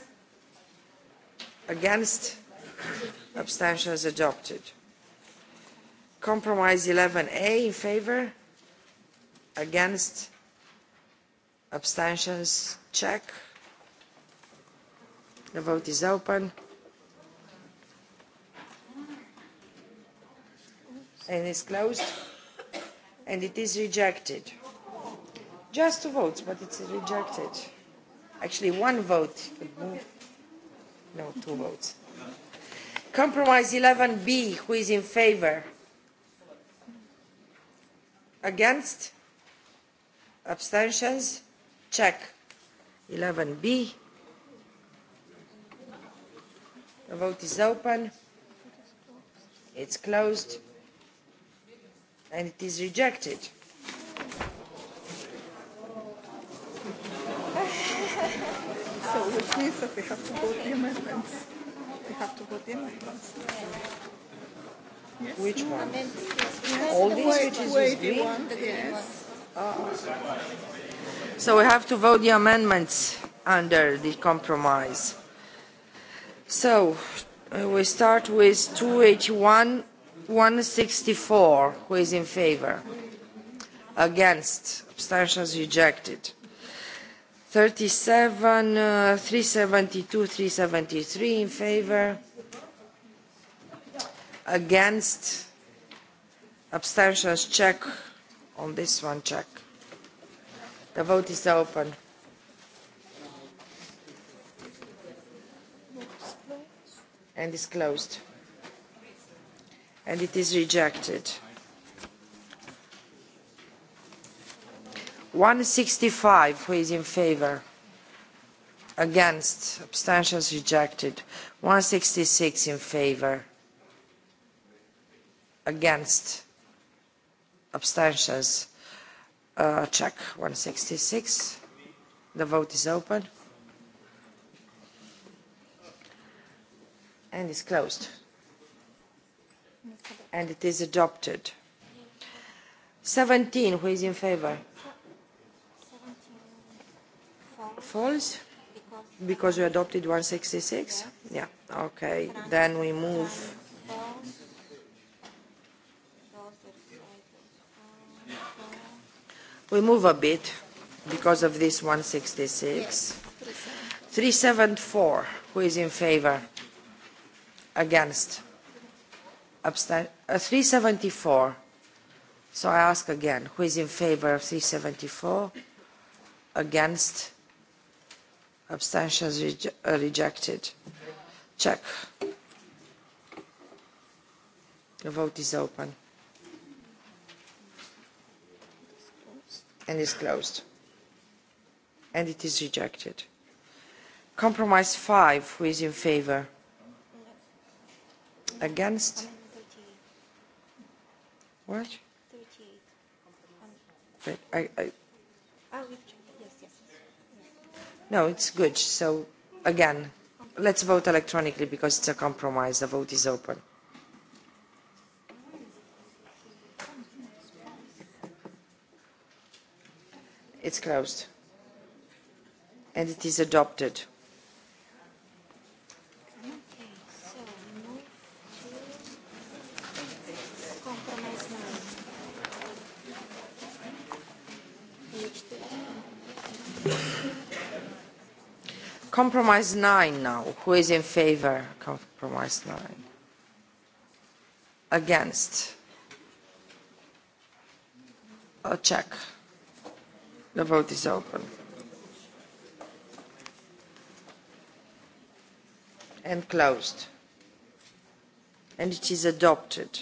against abstentions adopted compromise 11a in favor against abstentions check the vote is open and it's closed and it is rejected just two votes but it's rejected actually one vote could move no, two votes. Compromise 11B, who is in favor? Against? Abstentions? Check. 11B. The vote is open. It's closed. And it is rejected. which means that we have to hold the amendments. We have to hold the amendments. Yes. Which one? yes. All these which is The green? Yes. Uh, so we have to vote the amendments under the compromise. So uh, we start with 281, 164. Who is in favor? Against? Abstentions rejected. 37, 372, 373 in favor, against, abstentions check on this one check. The vote is open. And is closed. And it is rejected. 165 who is in favor against abstentions rejected 166 in favor against abstentions uh, check 166 the vote is open and is closed and it is adopted 17 who is in favor false because you adopted 166? Yeah, okay. Then we move. We move a bit because of this 166. 374, who is in favor? Against? Abstain? Uh, 374. So I ask again, who is in favor of 374? Against? abstentions rejected check the vote is open and is closed and it is rejected compromise five who is in favor against what I, I, ah, no, it's good. So, again, let's vote electronically because it's a compromise. The vote is open. It's closed. And it is adopted. Compromise 9 now. Who is in favor? Compromise 9. Against. A check. The vote is open. And closed. And it is adopted.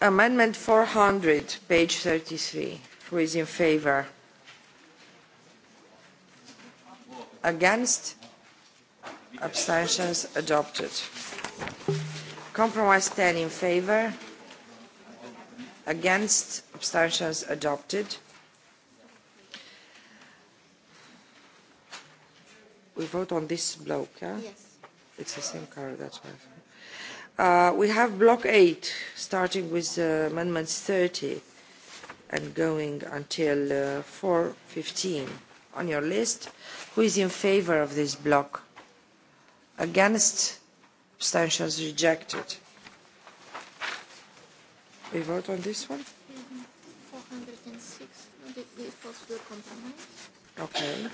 Amendment 400, page 33. Who is in favor? Against? Abstentions adopted. Compromise ten. in favor. Against? Abstentions adopted. We vote on this bloke yeah? Yes. It's the same card, that's why. Uh, we have block eight, starting with uh, amendments 30 and going until uh, 4.15 on your list. Who is in favor of this block? Against? Abstentions rejected. We vote on this one? Okay.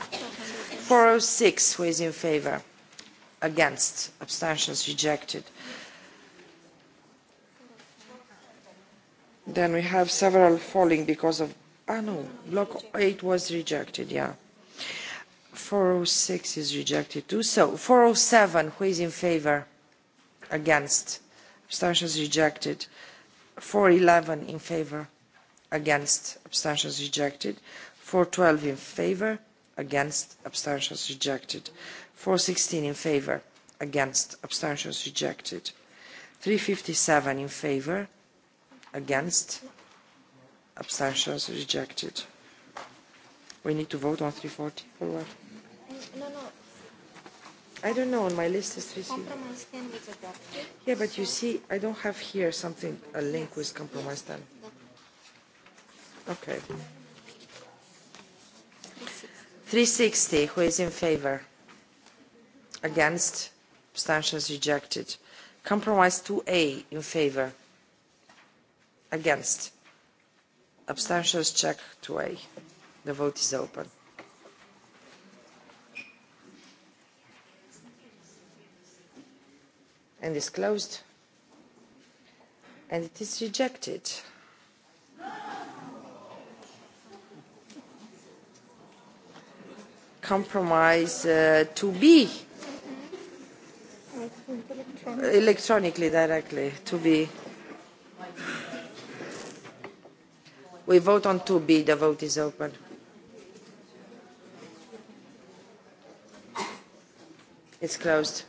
406, who is in favor? Against? Abstentions rejected. Then we have several falling because of... Ah, no, block 8 was rejected, yeah. 406 is rejected too. So 407, who is in favor? Against. Abstentions rejected. 411 in favor. Against. Abstentions rejected. 412 in favor. Against. Abstentions rejected. 416 in favor. Against. Abstentions rejected. 357 in favor against abstentions rejected we need to vote on 340 no no I don't know on my list is yeah but you see I don't have here something a link with compromise then okay 360 who is in favor against abstentions rejected compromise 2a in favor against abstentions check to a the vote is open and it's closed and it is rejected compromise uh, to be electronically directly to be We vote on 2B. The vote is open. It's closed.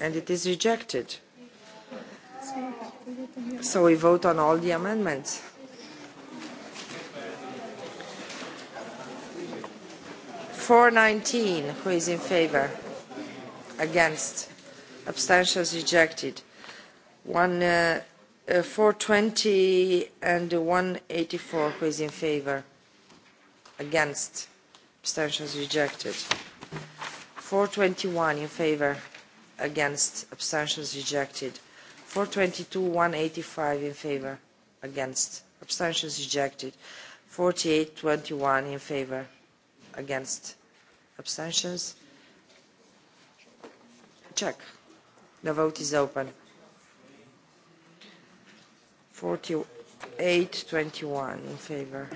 And it is rejected. So we vote on all the amendments. Four nineteen, who is in favor? Against. Abstentions rejected. One uh, 420 uh, and 184, who is in favor? Against? Abstentions rejected. 421 in favor? Against? Abstentions rejected. 422, 185 in favor? Against? Abstentions rejected. 4821 21 in favor? Against? Abstentions? Check. The vote is open. 48, in favor.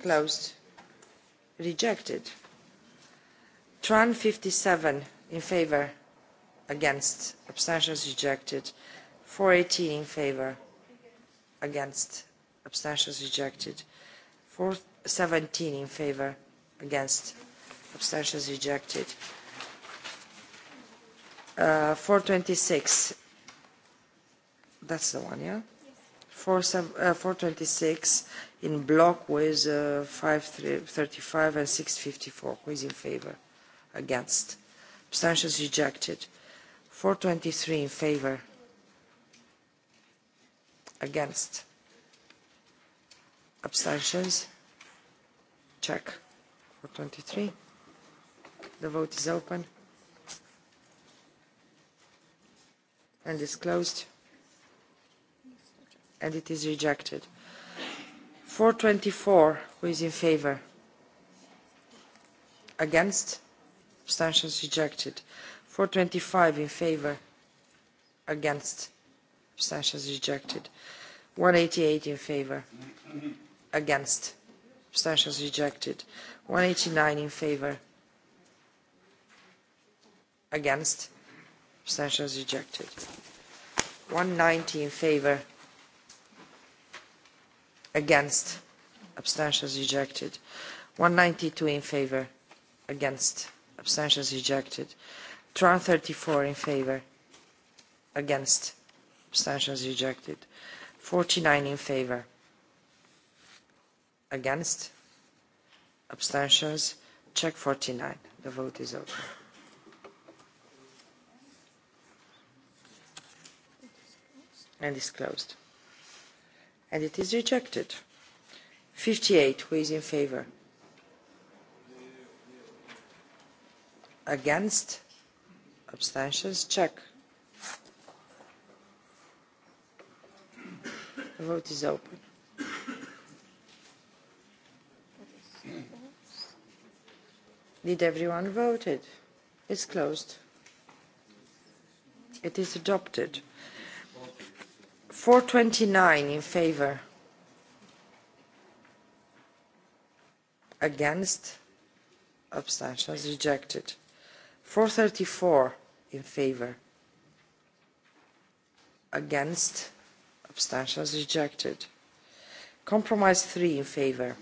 Closed. Rejected. Tran 57 in favor. Against. Abstentions rejected. 418 in favor. Against. Abstentions rejected. 417 in favor. Against. Abstentions rejected. Uh, 426 That's the one, yeah? 426 uh, in block with uh, 535 and 654. Who is in favor? Against. Abstentions rejected. 423 in favor. Against. Abstentions. Check. 423. The vote is open. And is closed and it is rejected. 424 who is in favor against abstentions rejected 425 in favor against abstentions rejected 188 in favor against abstentions rejected 189 in favor against abstentions rejected 190 in favor against abstentions rejected 192 in favor against abstentions rejected 234 in favor against abstentions rejected 49 in favor against abstentions check 49 the vote is over. and is closed and it is rejected. 58 who is in favor? Against? Abstentions? Check. The vote is open. Did everyone voted? It's closed. It is adopted. 429 in favor against abstentions rejected 434 in favor against abstentions rejected compromise 3 in favor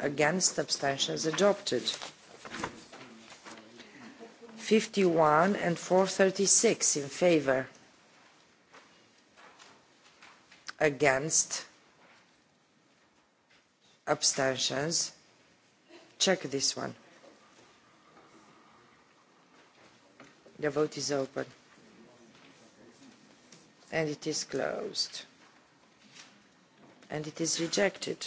against abstentions adopted 51 and 436 in favor against abstentions check this one the vote is open and it is closed and it is rejected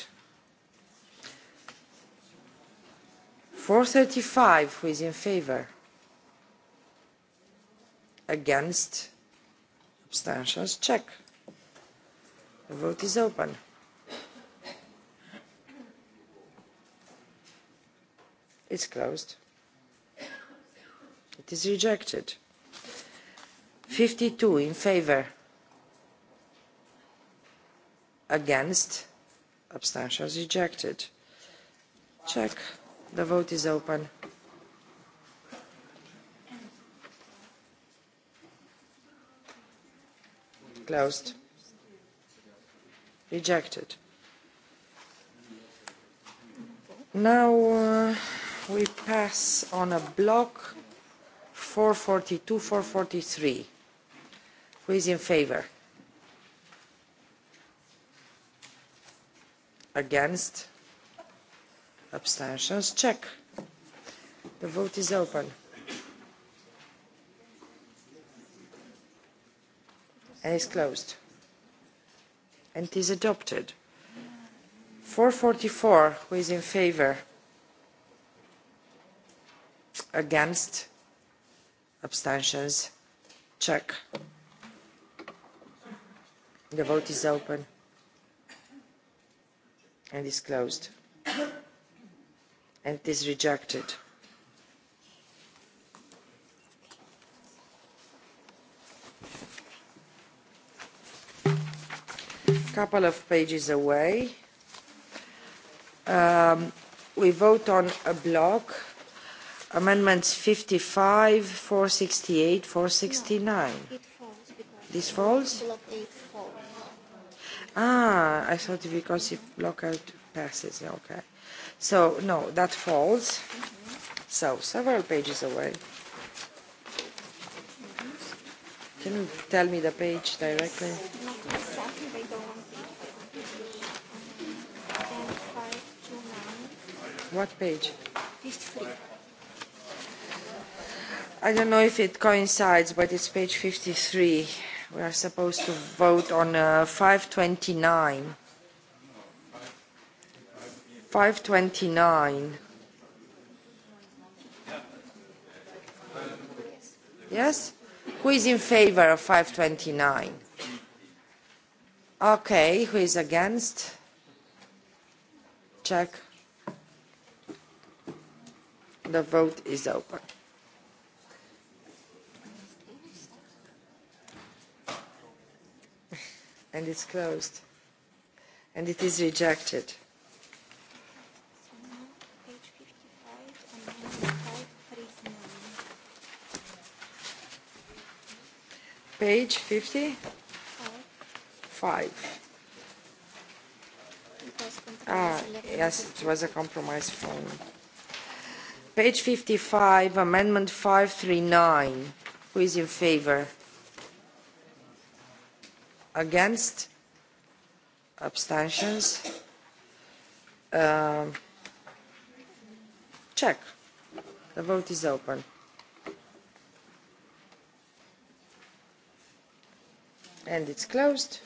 435 who is in favor against abstentions check The vote is open. It's closed. It is rejected. 52 in favor. Against. Abstentions rejected. Check. The vote is open. Closed rejected now uh, we pass on a block 442 443 who is in favor against abstentions check the vote is open and it's closed and is adopted. 444 who is in favor against abstentions check the vote is open and is closed and is rejected couple of pages away. Um, we vote on a block amendments 55, 468, 469. this falls? Ah, I thought because it block out passes, okay. So, no, that falls. Mm-hmm. So, several pages away. Mm-hmm. Can you tell me the page directly? What page? I don't know if it coincides, but it's page 53. We are supposed to vote on uh, 529. 529. Yes? Who is in favor of 529? Okay, who is against? Check. The vote is open. and it's closed and it is rejected page 50 five ah yes it was a compromise phone Page 55, Amendment 539. Who is in favor? Against? Abstentions? Um, check. The vote is open. And it's closed.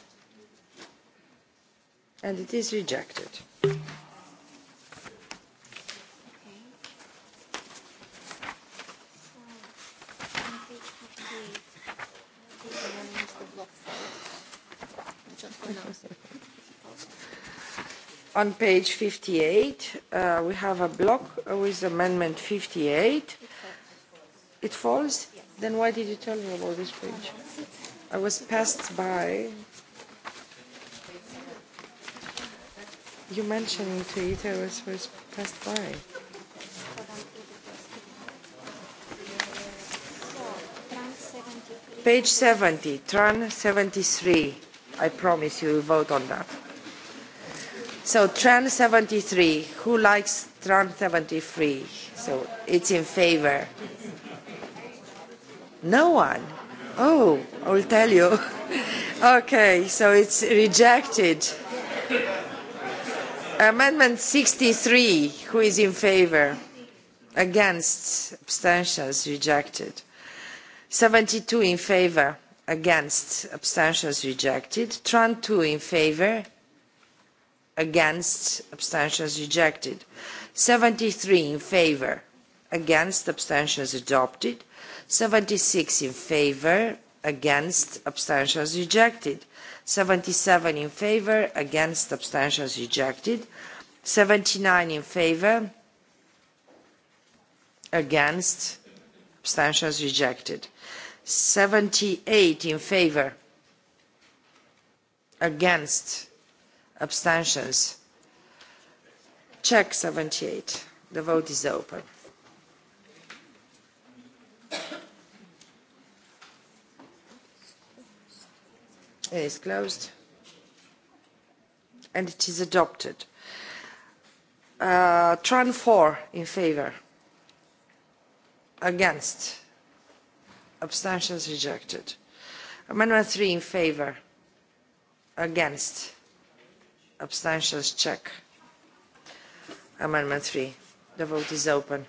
And it is rejected. on page 58, uh, we have a block with amendment 58. It falls? Then why did you tell me about this page? I was passed by. You mentioned to it, I was, passed by. Page 70, Tran 73. I promise you, vote on that. So Tran 73. Who likes Tran 73? So it's in favor. No one. Oh, I'll tell you. okay, so it's rejected. Amendment 63. Who is in favor? Against. Abstentions rejected. 72 in favor. Against. Abstentions rejected. Tran 2 in favor against abstentions rejected 73 in favor against abstentions adopted 76 in favor against abstentions rejected 77 in favor against abstentions rejected 79 in favor against abstentions rejected 78 in favor against abstentions check 78 the vote is open it is closed and it is adopted uh, tran 4 in favor against abstentions rejected amendment 3 in favor against abstentions check amendment three. the vote is open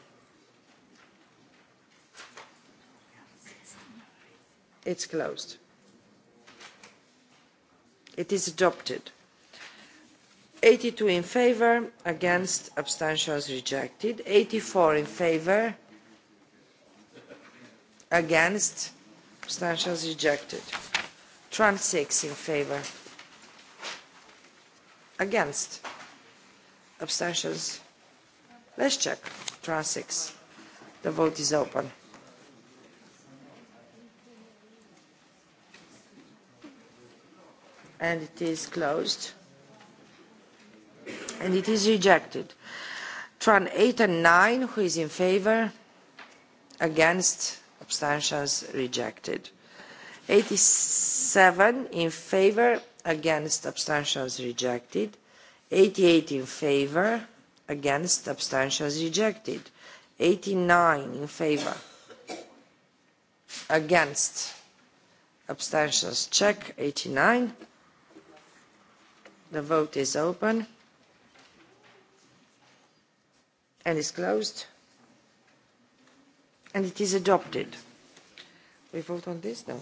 it's closed it is adopted 82 in favor against abstentions rejected 84 in favor against abstentions rejected Trump 6 in favor Against? Abstentions? Let's check. Trans 6. The vote is open. And it is closed. And it is rejected. Tran 8 and 9, who is in favor? Against? Abstentions? Rejected. 87 in favor against abstentions rejected 88 in favor against abstentions rejected 89 in favor against abstentions check 89 the vote is open and is closed and it is adopted we vote on this now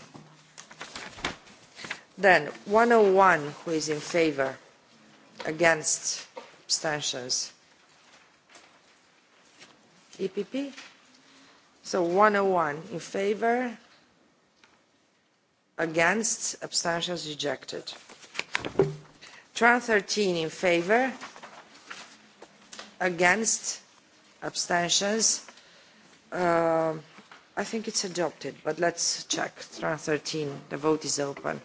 Then 101, who is in favor? Against? Abstentions? EPP? So 101 in favor? Against? Abstentions rejected. Tran 13 in favor? Against? Abstentions? Uh, I think it's adopted, but let's check. Tran 13, the vote is open.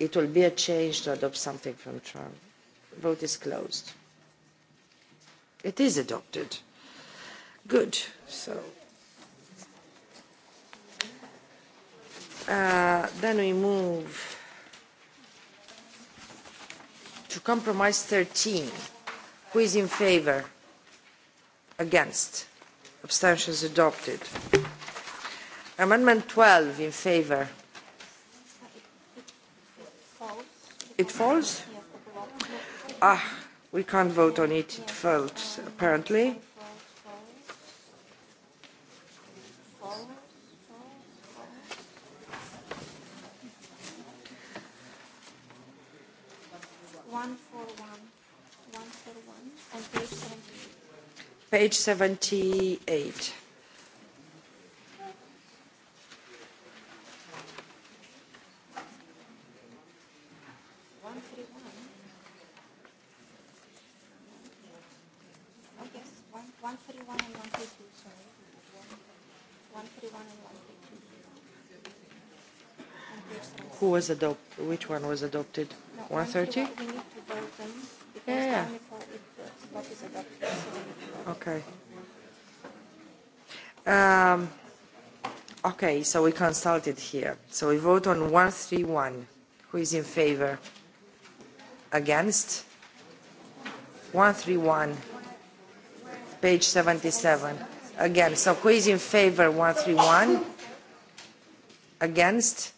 It will be a change to adopt something from Trump. Vote is closed. It is adopted. Good. So uh, then we move to compromise 13. Who is in favor? Against? Abstentions adopted. Amendment 12 in favor It falls? Ah, we can't vote on it. It falls, apparently. Page 78. was adopted? Which one was adopted? No, 130? We need to vote yeah. Uh, what is adopted. okay. Um, okay, so we consulted here. So we vote on 131. Who is in favor? Against? 131. Page 77. Again, so who is in favor? 131. Against?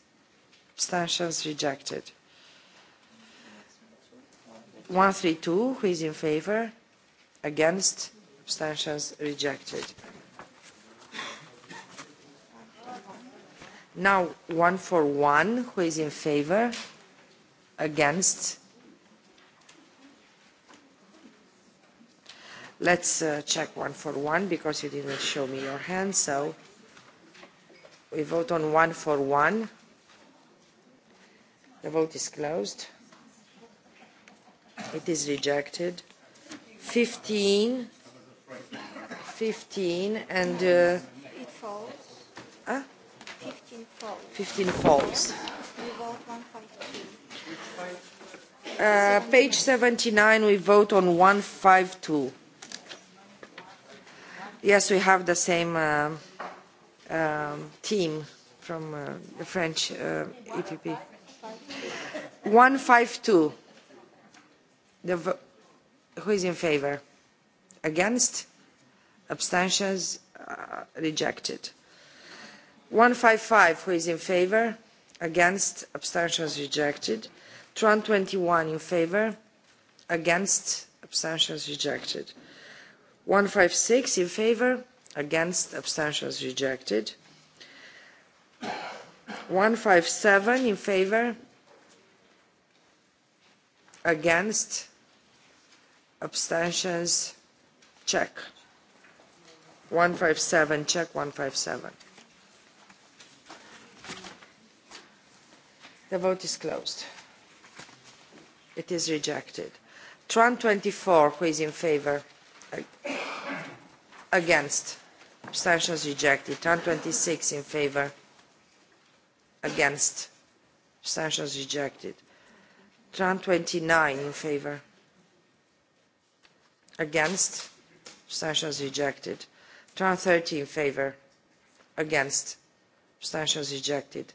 abstentions rejected 132 who is in favor against abstentions rejected now 141 who is in favor against let's uh, check 141 because you didn't show me your hand so we vote on 141 The vote is closed. It is rejected. 15. 15 and... Uh, it falls. Huh? 15 falls. 15 falls. Uh, page 79, we vote on 152. Yes, we have the same uh, um, team from uh, the French uh, e 152. The who is in favor? Against? Abstentions? Uh, rejected. 155. Who is in favor? Against? Abstentions? Rejected. 221 in favor? Against? Abstentions? Rejected. 156 in favor? Against? Abstentions? Rejected. 157 in favor against abstentions check 157 check 157 the vote is closed it is rejected twenty four, who is in favor against abstentions rejected tran six in favor against is rejected tran 29 in favor against is rejected tran 30 in favor against abstentions rejected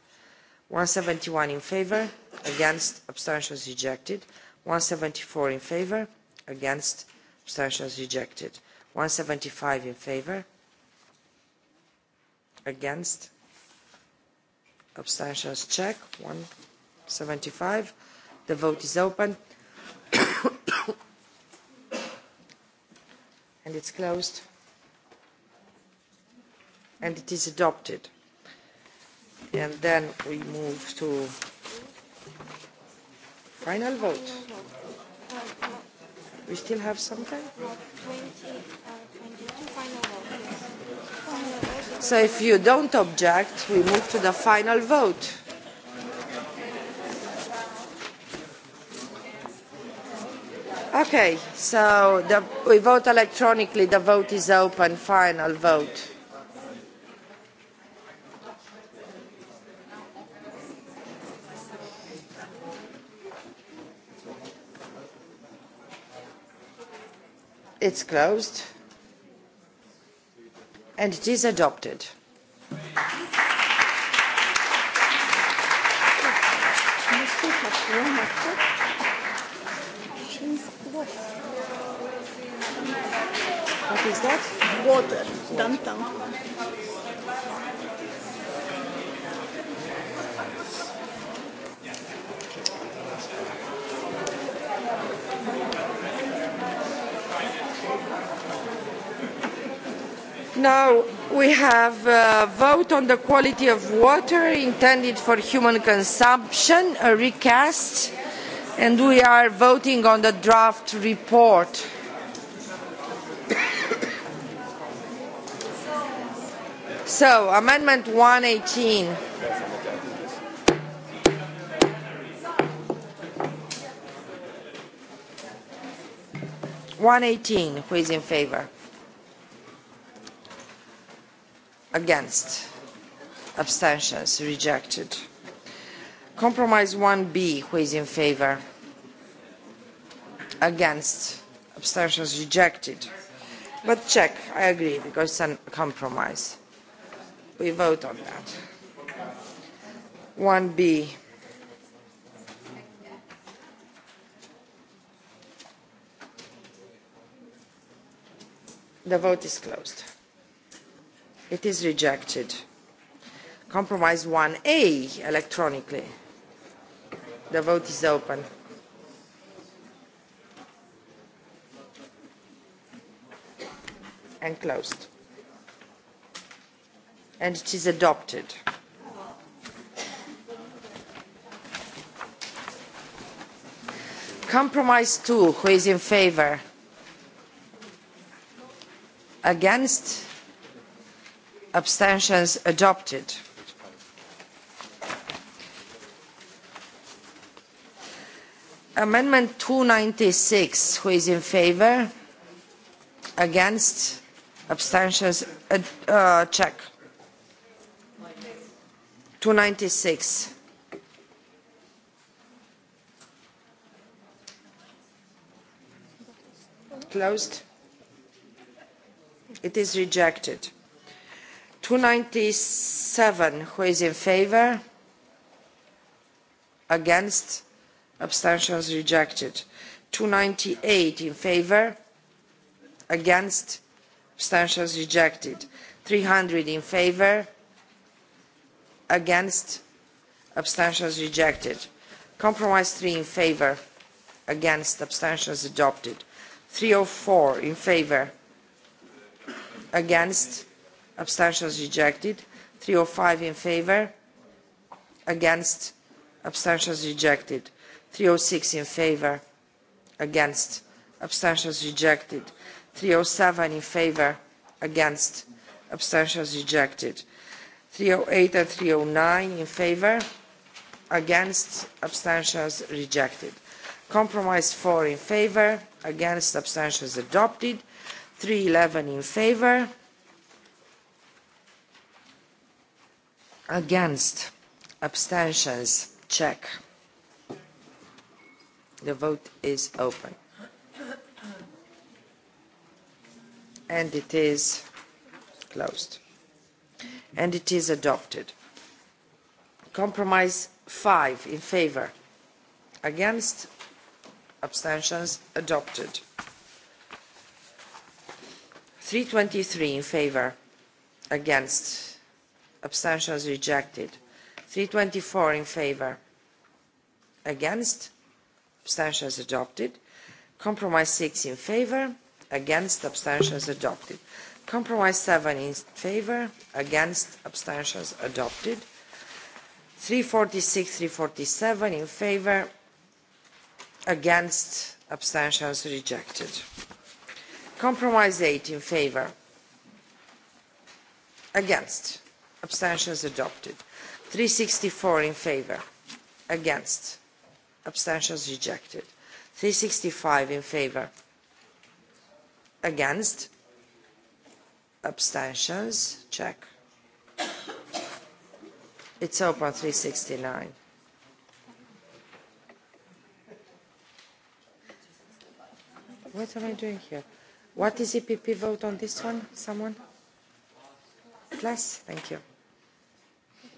171 in favor against abstentions rejected 174 in favor against abstentions rejected 175 in favor against Abstentions check. 175. The vote is open. and it's closed. And it is adopted. And then we move to final vote. We still have something? 20, um, So if you don't object, we move to the final vote. Okay, so the, we vote electronically. The vote is open. Final vote. It's closed and it is adopted. What is that? Water. Downtown. Now we have a uh, vote on the quality of water intended for human consumption, a recast, and we are voting on the draft report. so, Amendment 118. One eighteen, who is in favor? against abstentions rejected compromise 1b who is in favor against abstentions rejected but check i agree because it's a compromise we vote on that 1b the vote is closed It is rejected. Compromise 1A electronically. The vote is open. And closed. And it is adopted. Compromise 2, who is in favor? Against? abstentions adopted amendment 296 who is in favor against abstentions uh, check 296 closed it is rejected 297 who is in favor against abstentions rejected 298 in favor against abstentions rejected 300 in favor against abstentions rejected compromise 3 in favor against abstentions adopted 304 in favor against abstentions rejected 305 in favor against abstentions rejected 306 in favor against abstentions rejected 307 in favor against abstentions rejected 308 and 309 in favor against abstentions rejected compromise four in favor against abstentions adopted 311 in favor against abstentions check the vote is open and it is closed and it is adopted compromise five in favor against abstentions adopted 323 in favor against abstentions rejected 324 in favor against abstentions adopted compromise 6 in favor against abstentions adopted compromise 7 in favor against abstentions adopted 346 347 in favor against abstentions rejected compromise 8 in favor against abstentions adopted 364 in favor against abstentions rejected 365 in favor against abstentions check it's open 369 what am i doing here what is epp vote on this one someone Plus, thank you.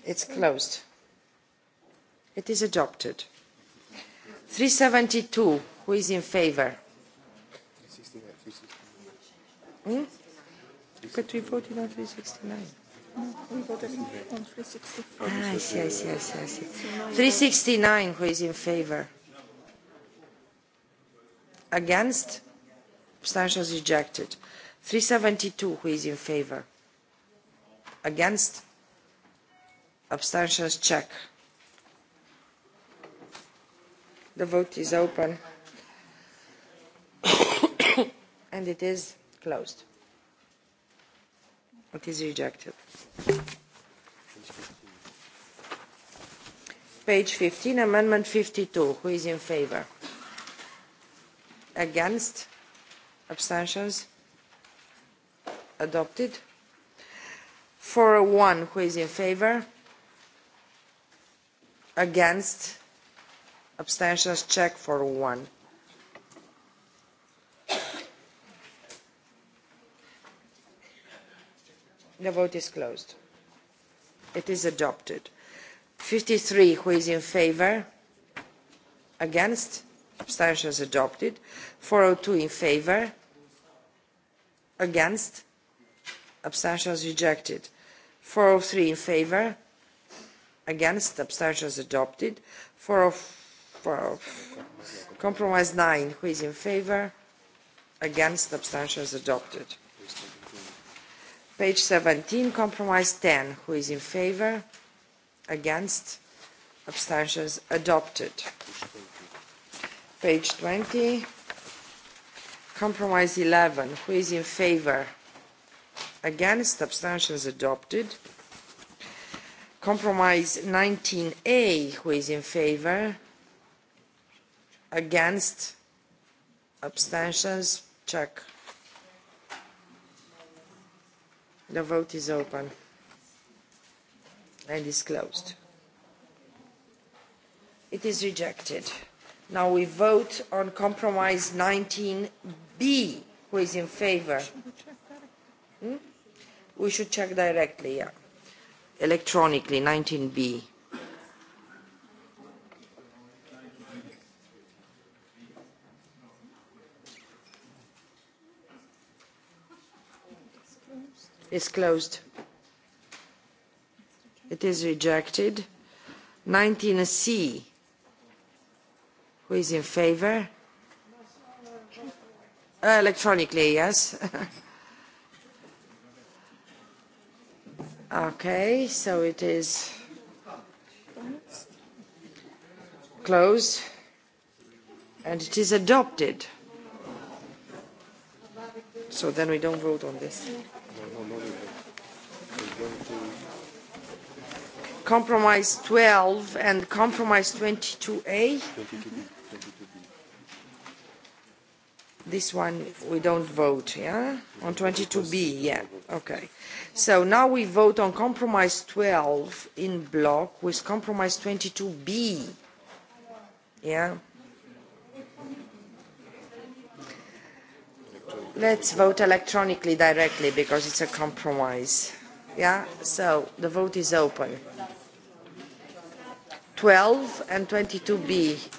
It's closed. It is adopted. 372, who is in favor? Hmm? But we voted on 369. Ah, I see, I see, I see, I see. 369, who is in favor? Against? Abstentions rejected. 372, who is in favor? against abstentions check the vote is open and it is closed it is rejected page 15 amendment 52 who is in favor against abstentions adopted 401 who is in favor against abstentions check for one the vote is closed it is adopted 53 who is in favor against abstentions adopted 402 in favor against abstentions rejected 403 in favor, against, abstentions adopted. 404, compromise 9, who is in favor, against, abstentions adopted. Page 17, compromise 10, who is in favor, against, abstentions adopted. Page 20, compromise 11, who is in favor, against abstentions adopted compromise 19a who is in favor against abstentions check the vote is open and is closed it is rejected now we vote on compromise 19b who is in favor hmm? We should check directly, yeah. Electronically, 19B. is closed. It is rejected. 19C. Who is in favor? Uh, electronically, yes. Okay, so it is closed and it is adopted. So then we don't vote on this. Compromise 12 and compromise 22A. 22B. This one we don't vote, yeah? On 22B, yeah, okay. So now we vote on compromise 12 in block with compromise 22B, yeah? Let's vote electronically directly because it's a compromise, yeah? So the vote is open. 12 and 22B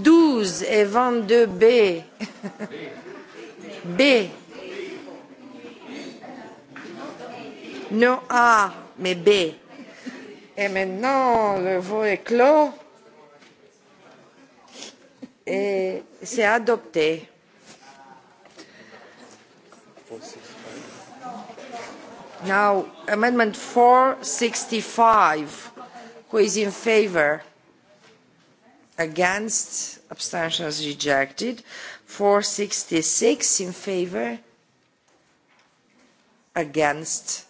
12 et 22 B. B. Non A, mais B. Et maintenant, le vote est clos. Et c'est adopté. Now, amendment 465. Who is in favor? against abstentions rejected 466 in favor against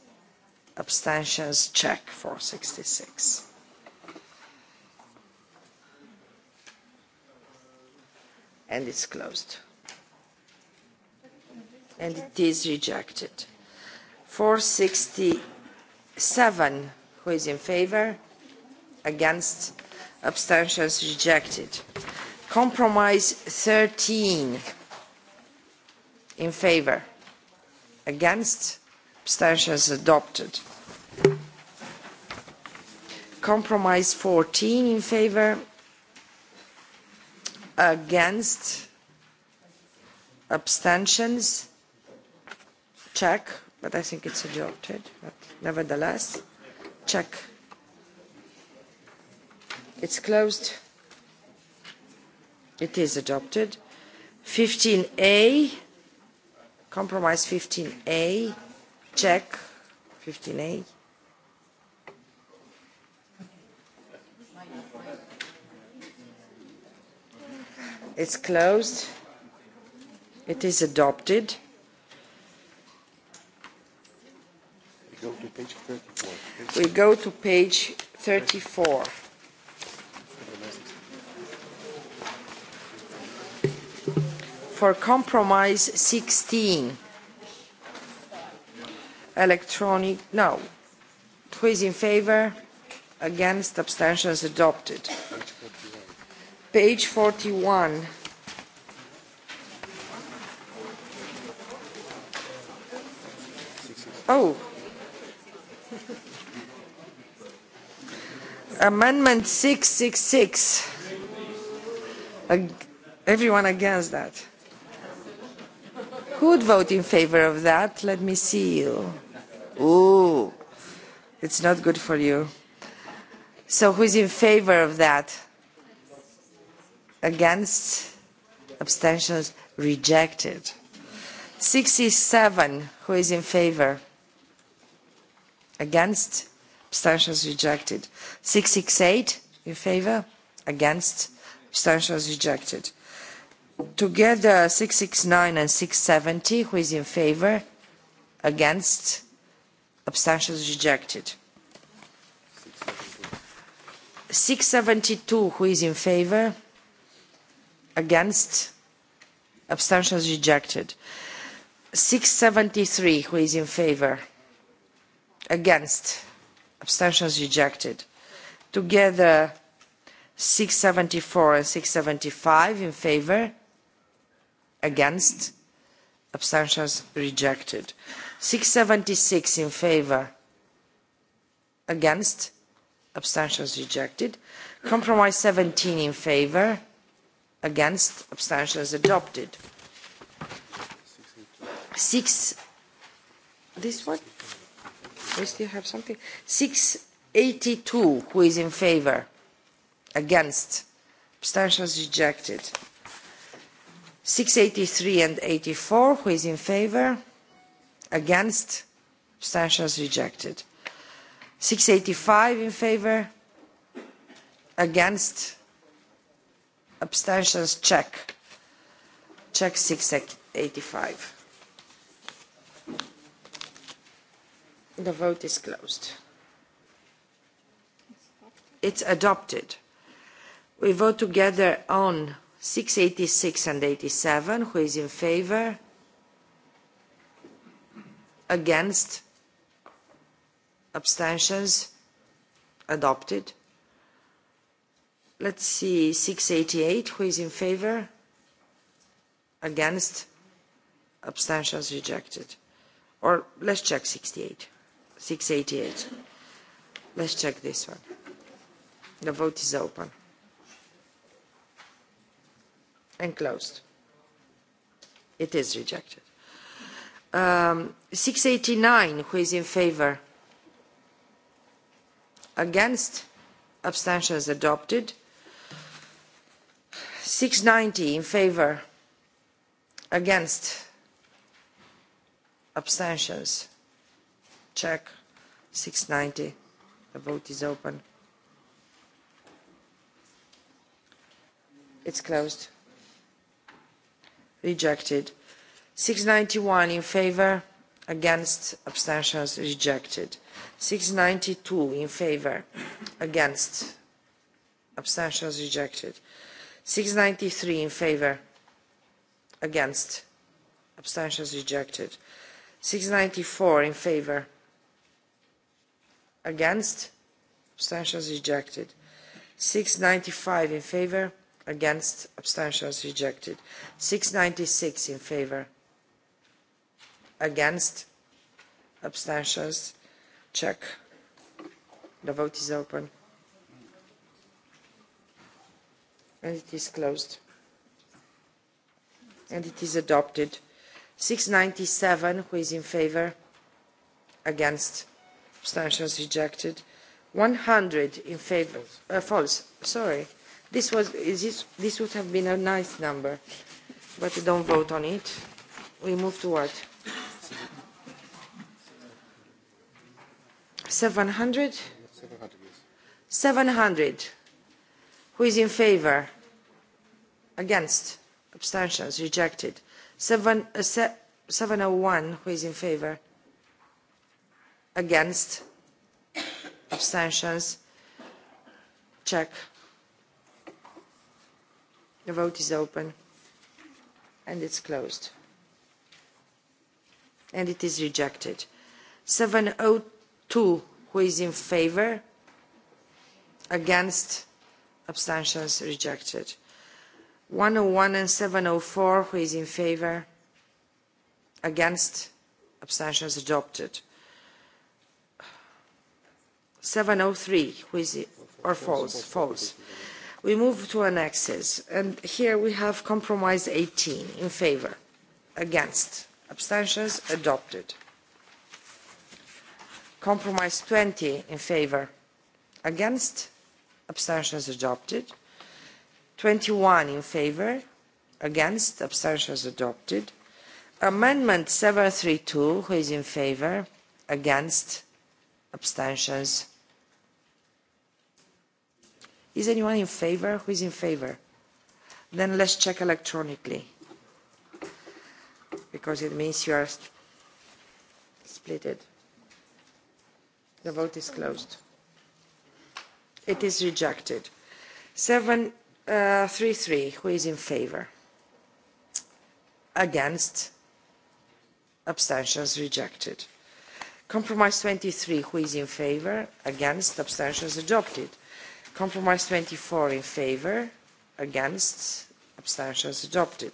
abstentions check 466 and it's closed and it is rejected 467 who is in favor against abstentions rejected compromise 13 in favor against abstentions adopted compromise 14 in favor against abstentions check but i think it's adopted but nevertheless check It's closed. It is adopted. 15A. Compromise 15A. Check. 15A. It's closed. It is adopted. We go to page 34. We go to page 34. for compromise 16 electronic no who is in favor against abstentions adopted page 41 oh amendment 666 everyone against that could vote in favor of that. Let me see you. Ooh, it's not good for you. So who is in favor of that? Against? Abstentions? Rejected. 67. Who is in favor? Against? Abstentions rejected. 668. In favor? Against? Abstentions rejected together 669 and 670 who is in favor against abstentions rejected 672 who is in favor against abstentions rejected 673 who is in favor against abstentions rejected together 674 and 675 in favor against abstentions rejected 676 in favor against abstentions rejected compromise 17 in favor against abstentions adopted six this one we still have something 682 who is in favor against abstentions rejected 683 and 84 who is in favor against abstentions rejected 685 in favor against abstentions check check 685 the vote is closed it's adopted we vote together on 686 and 87 who is in favor against abstentions adopted let's see 688 who is in favor against abstentions rejected or let's check 68 688 let's check this one the vote is open and closed. It is rejected. Um, 689, who is in favor? Against? Abstentions adopted. 690 in favor? Against? Abstentions? Check. 690. The vote is open. It's closed rejected 691 in favor against abstentions rejected 692 in favor against abstentions rejected 693 in favor against abstentions rejected 694 in favor against abstentions rejected 695 in favor against abstentions rejected 696 in favor against abstentions check the vote is open and it is closed and it is adopted 697 who is in favor against abstentions rejected 100 in favor uh, false sorry This, was, this, this would have been a nice number, but we don't vote on it. We move to what? 700? 700, yes. hundred. Who is in favor? Against? Abstentions? Rejected. Seven, uh, se 701. Who is in favor? Against? Abstentions? Check. The vote is open and it's closed. And it is rejected. 702, who is in favor? Against? Abstentions rejected. 101 and 704, who is in favor? Against? Abstentions adopted. 703, who is, or false? False. We move to annexes, and here we have compromise 18 in favor, against, abstentions adopted. Compromise 20 in favor, against, abstentions adopted. 21 in favor, against, abstentions adopted. Amendment 732, who is in favor, against, abstentions Is anyone in favor? Who is in favor? Then let's check electronically because it means you are splitted. The vote is closed. It is rejected. 733, uh, who is in favor? Against? Abstentions rejected. Compromise 23, who is in favor? Against? Abstentions adopted. Compromise 24 in favor, against, abstentions adopted.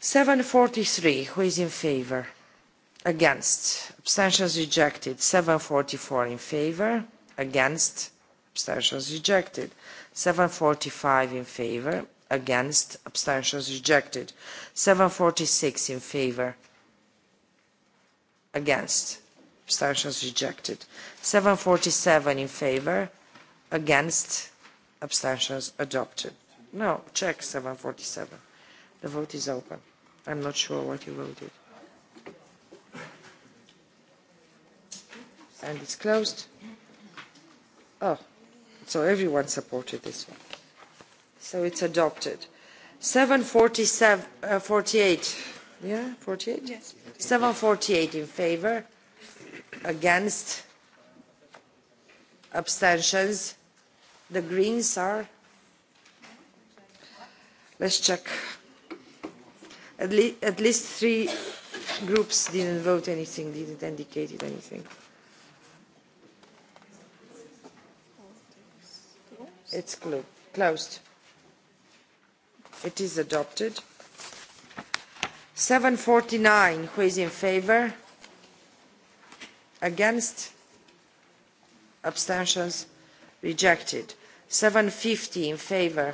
743, who is in favor? Against, abstentions rejected. 744 in favor, against, abstentions rejected. 745 in favor, against, abstentions rejected. 746 in favor, against, abstentions rejected. 747 in favor, against abstentions adopted no check 747 the vote is open i'm not sure what you voted and it's closed oh so everyone supported this one so it's adopted 747 uh, 48 yeah 48 yes 748 in favor against abstentions The Greens are. Let's check. At, least three groups didn't vote anything, didn't indicate anything. It's closed. It is adopted. 749, who is in favor? Against? Abstentions? Rejected. 750 in favor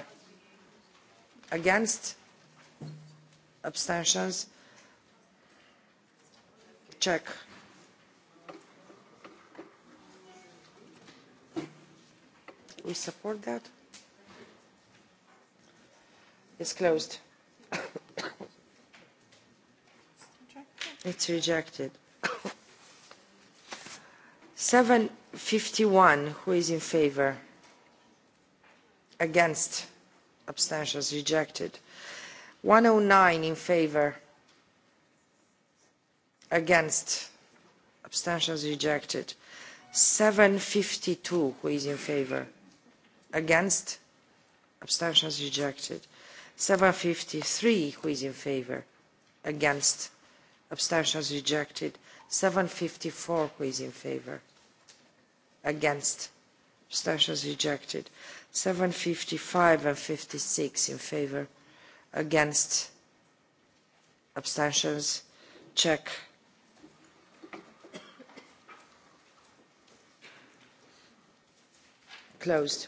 against abstentions check we support that it's closed it's rejected 751 who is in favor against abstentions rejected 109 in favor against abstentions rejected 752 who is in favor against abstentions rejected 753 who is in favor against abstentions rejected 754 who is in favor against abstentions rejected 755 and 56 in favor against abstentions check closed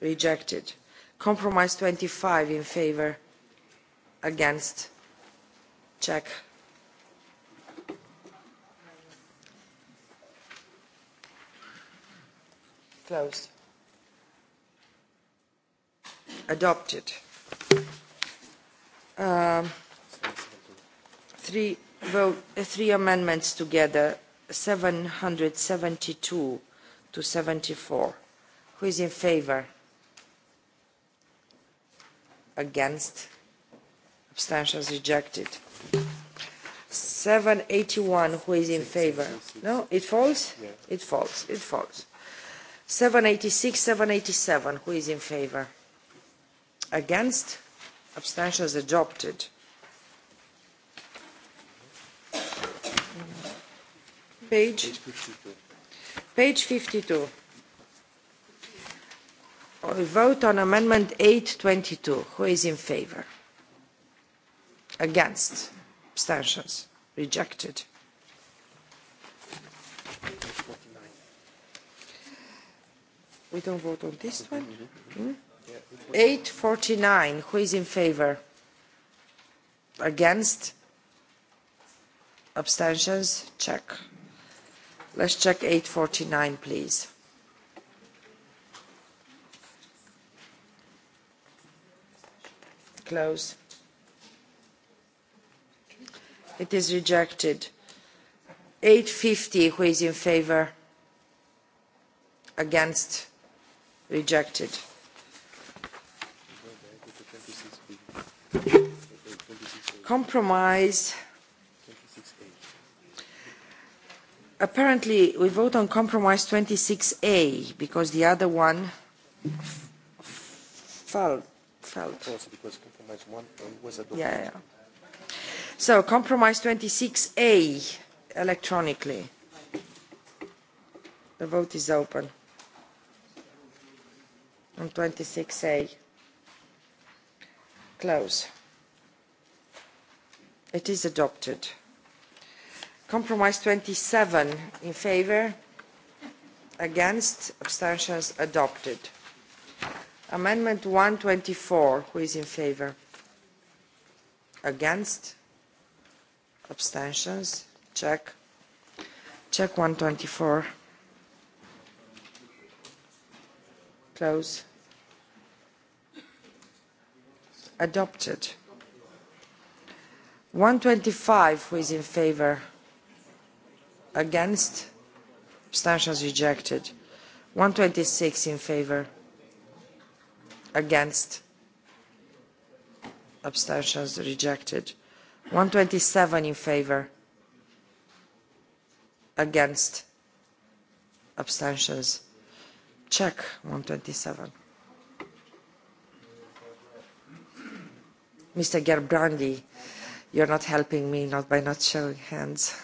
rejected compromise 25 in favor against check closed adopted um, three vote uh, three amendments together 772 to 74 who is in favor against abstentions rejected 781 who is in favor no it falls it falls it falls 786 787 who is in favor against abstentions adopted page page 52 we vote on amendment 822 who is in favor against abstentions rejected we don't vote on this one hmm? 849 who is in favor against abstentions check let's check 849 please close it is rejected 850 who is in favor against rejected Compromise. Apparently, we vote on compromise 26A because the other one fell. fell. Also because compromise 1 was adopted. Yeah, yeah. So, compromise 26A electronically. The vote is open on 26A. Close. It is adopted. Compromise 27 in favor, against, abstentions adopted. Amendment 124, who is in favor? Against, abstentions, check. Check 124. Close. Adopted. 125 who is in favor against abstentions rejected 126 in favor against abstentions rejected 127 in favor against abstentions check 127 Mr Gerbrandy You're not helping me not by not showing hands.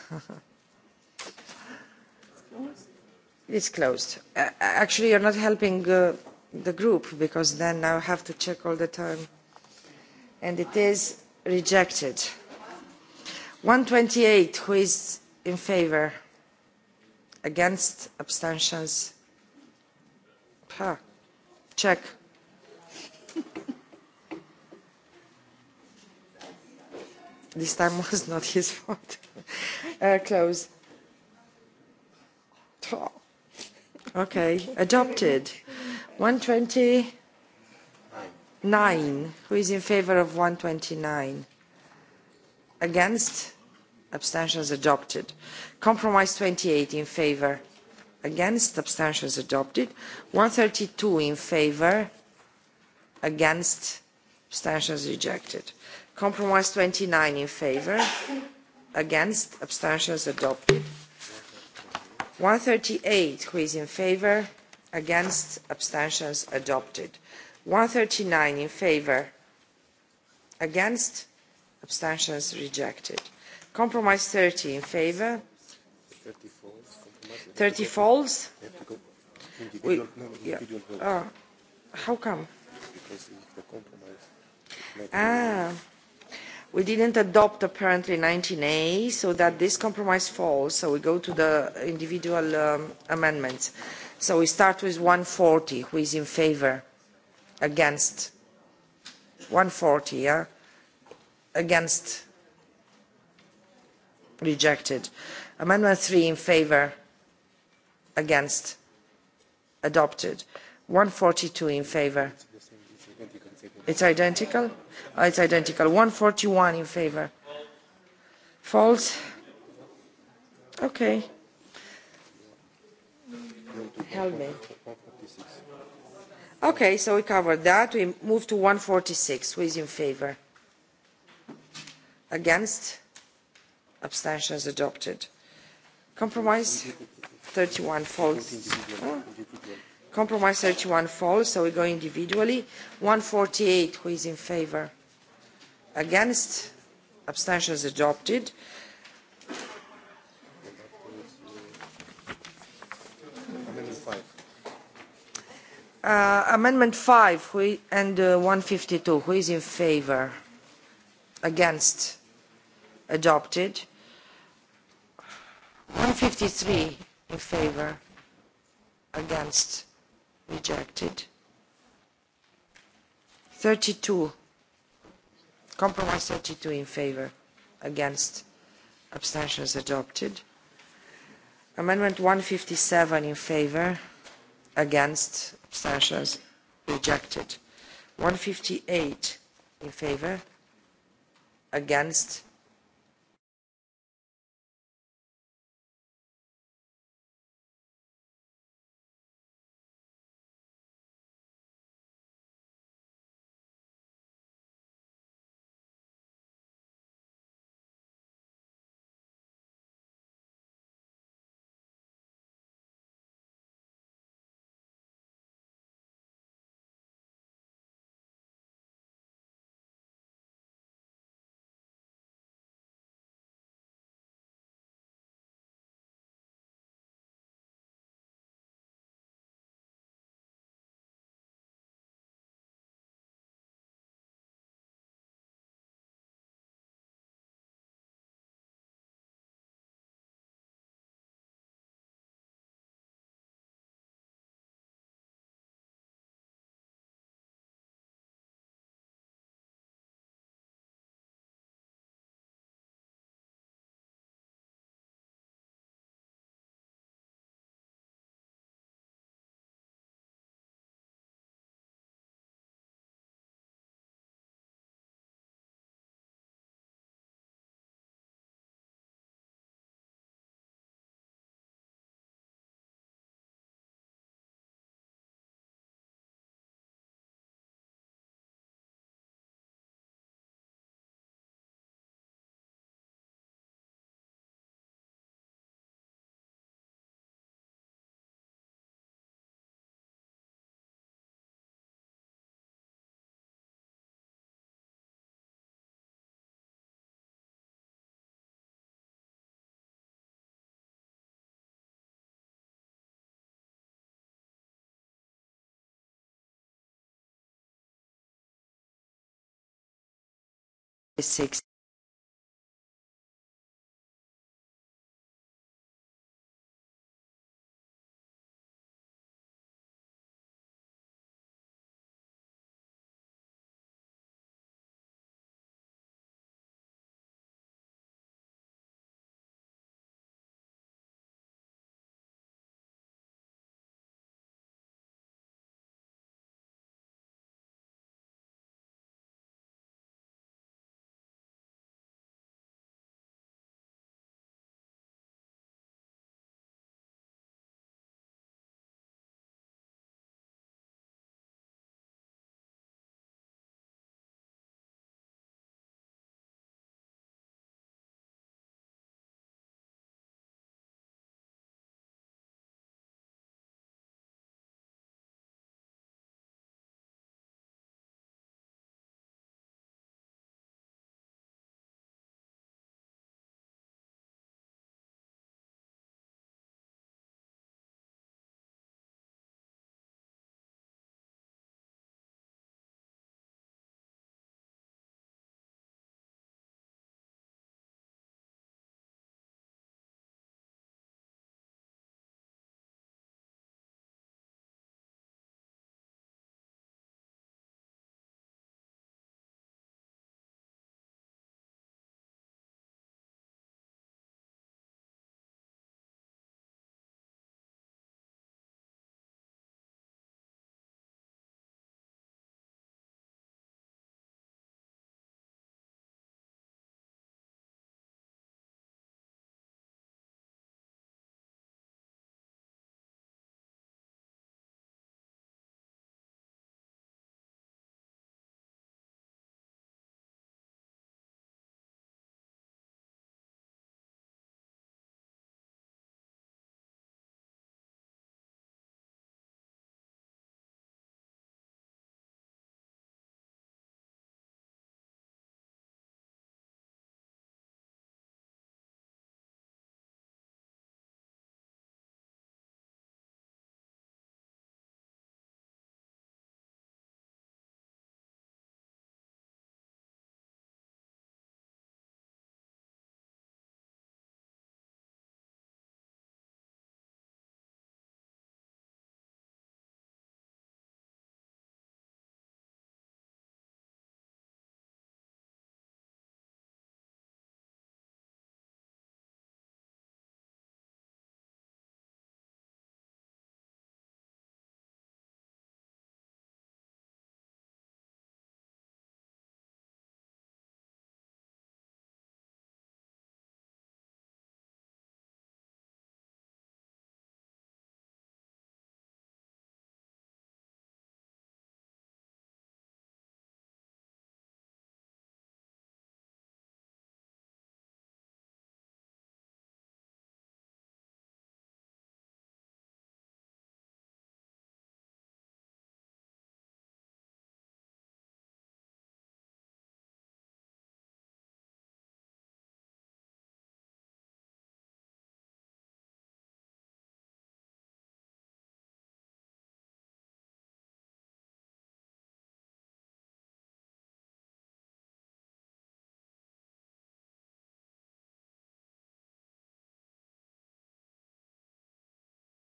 It's closed. Uh, actually, you're not helping uh, the group because then I have to check all the time. And it is rejected. 128, who is in favor? Against? Abstentions? Huh. Check. This time was not his fault. Uh, close. Okay, adopted. 129. Who is in favor of 129? Against? Abstentions adopted. Compromise 28 in favor. Against? Abstentions adopted. 132 in favor. Against? Abstentions rejected. Compromise 29 in favor, against, abstentions adopted. 138, who is in favor, against, abstentions adopted. 139 in favor, against, abstentions rejected. Compromise 30 in favor. 30 falls. 30 We, yeah. uh, how come? Because the compromise. Ah. We didn't adopt apparently 19A, so that this compromise falls. So we go to the individual um, amendments. So we start with 140. Who is in favor? Against? 140, yeah? Against? Rejected. Amendment 3 in favor? Against? Adopted. 142 in favor? It's identical? Uh, it's identical. 141 in favor. False? Okay. Help Okay, so we covered that. We move to 146. Who is in favor? Against? Abstentions adopted. Compromise? 31 false. Oh. Compromise one falls, so we go individually. 148, who is in favor? Against? Abstentions adopted. Amendment 5. Uh, amendment 5 who, and uh, 152, who is in favor? Against? Adopted. 153 in favor? Against? rejected. 32 compromise 32 in favor against abstentions adopted amendment 157 in favor against abstentions rejected 158 in favor against six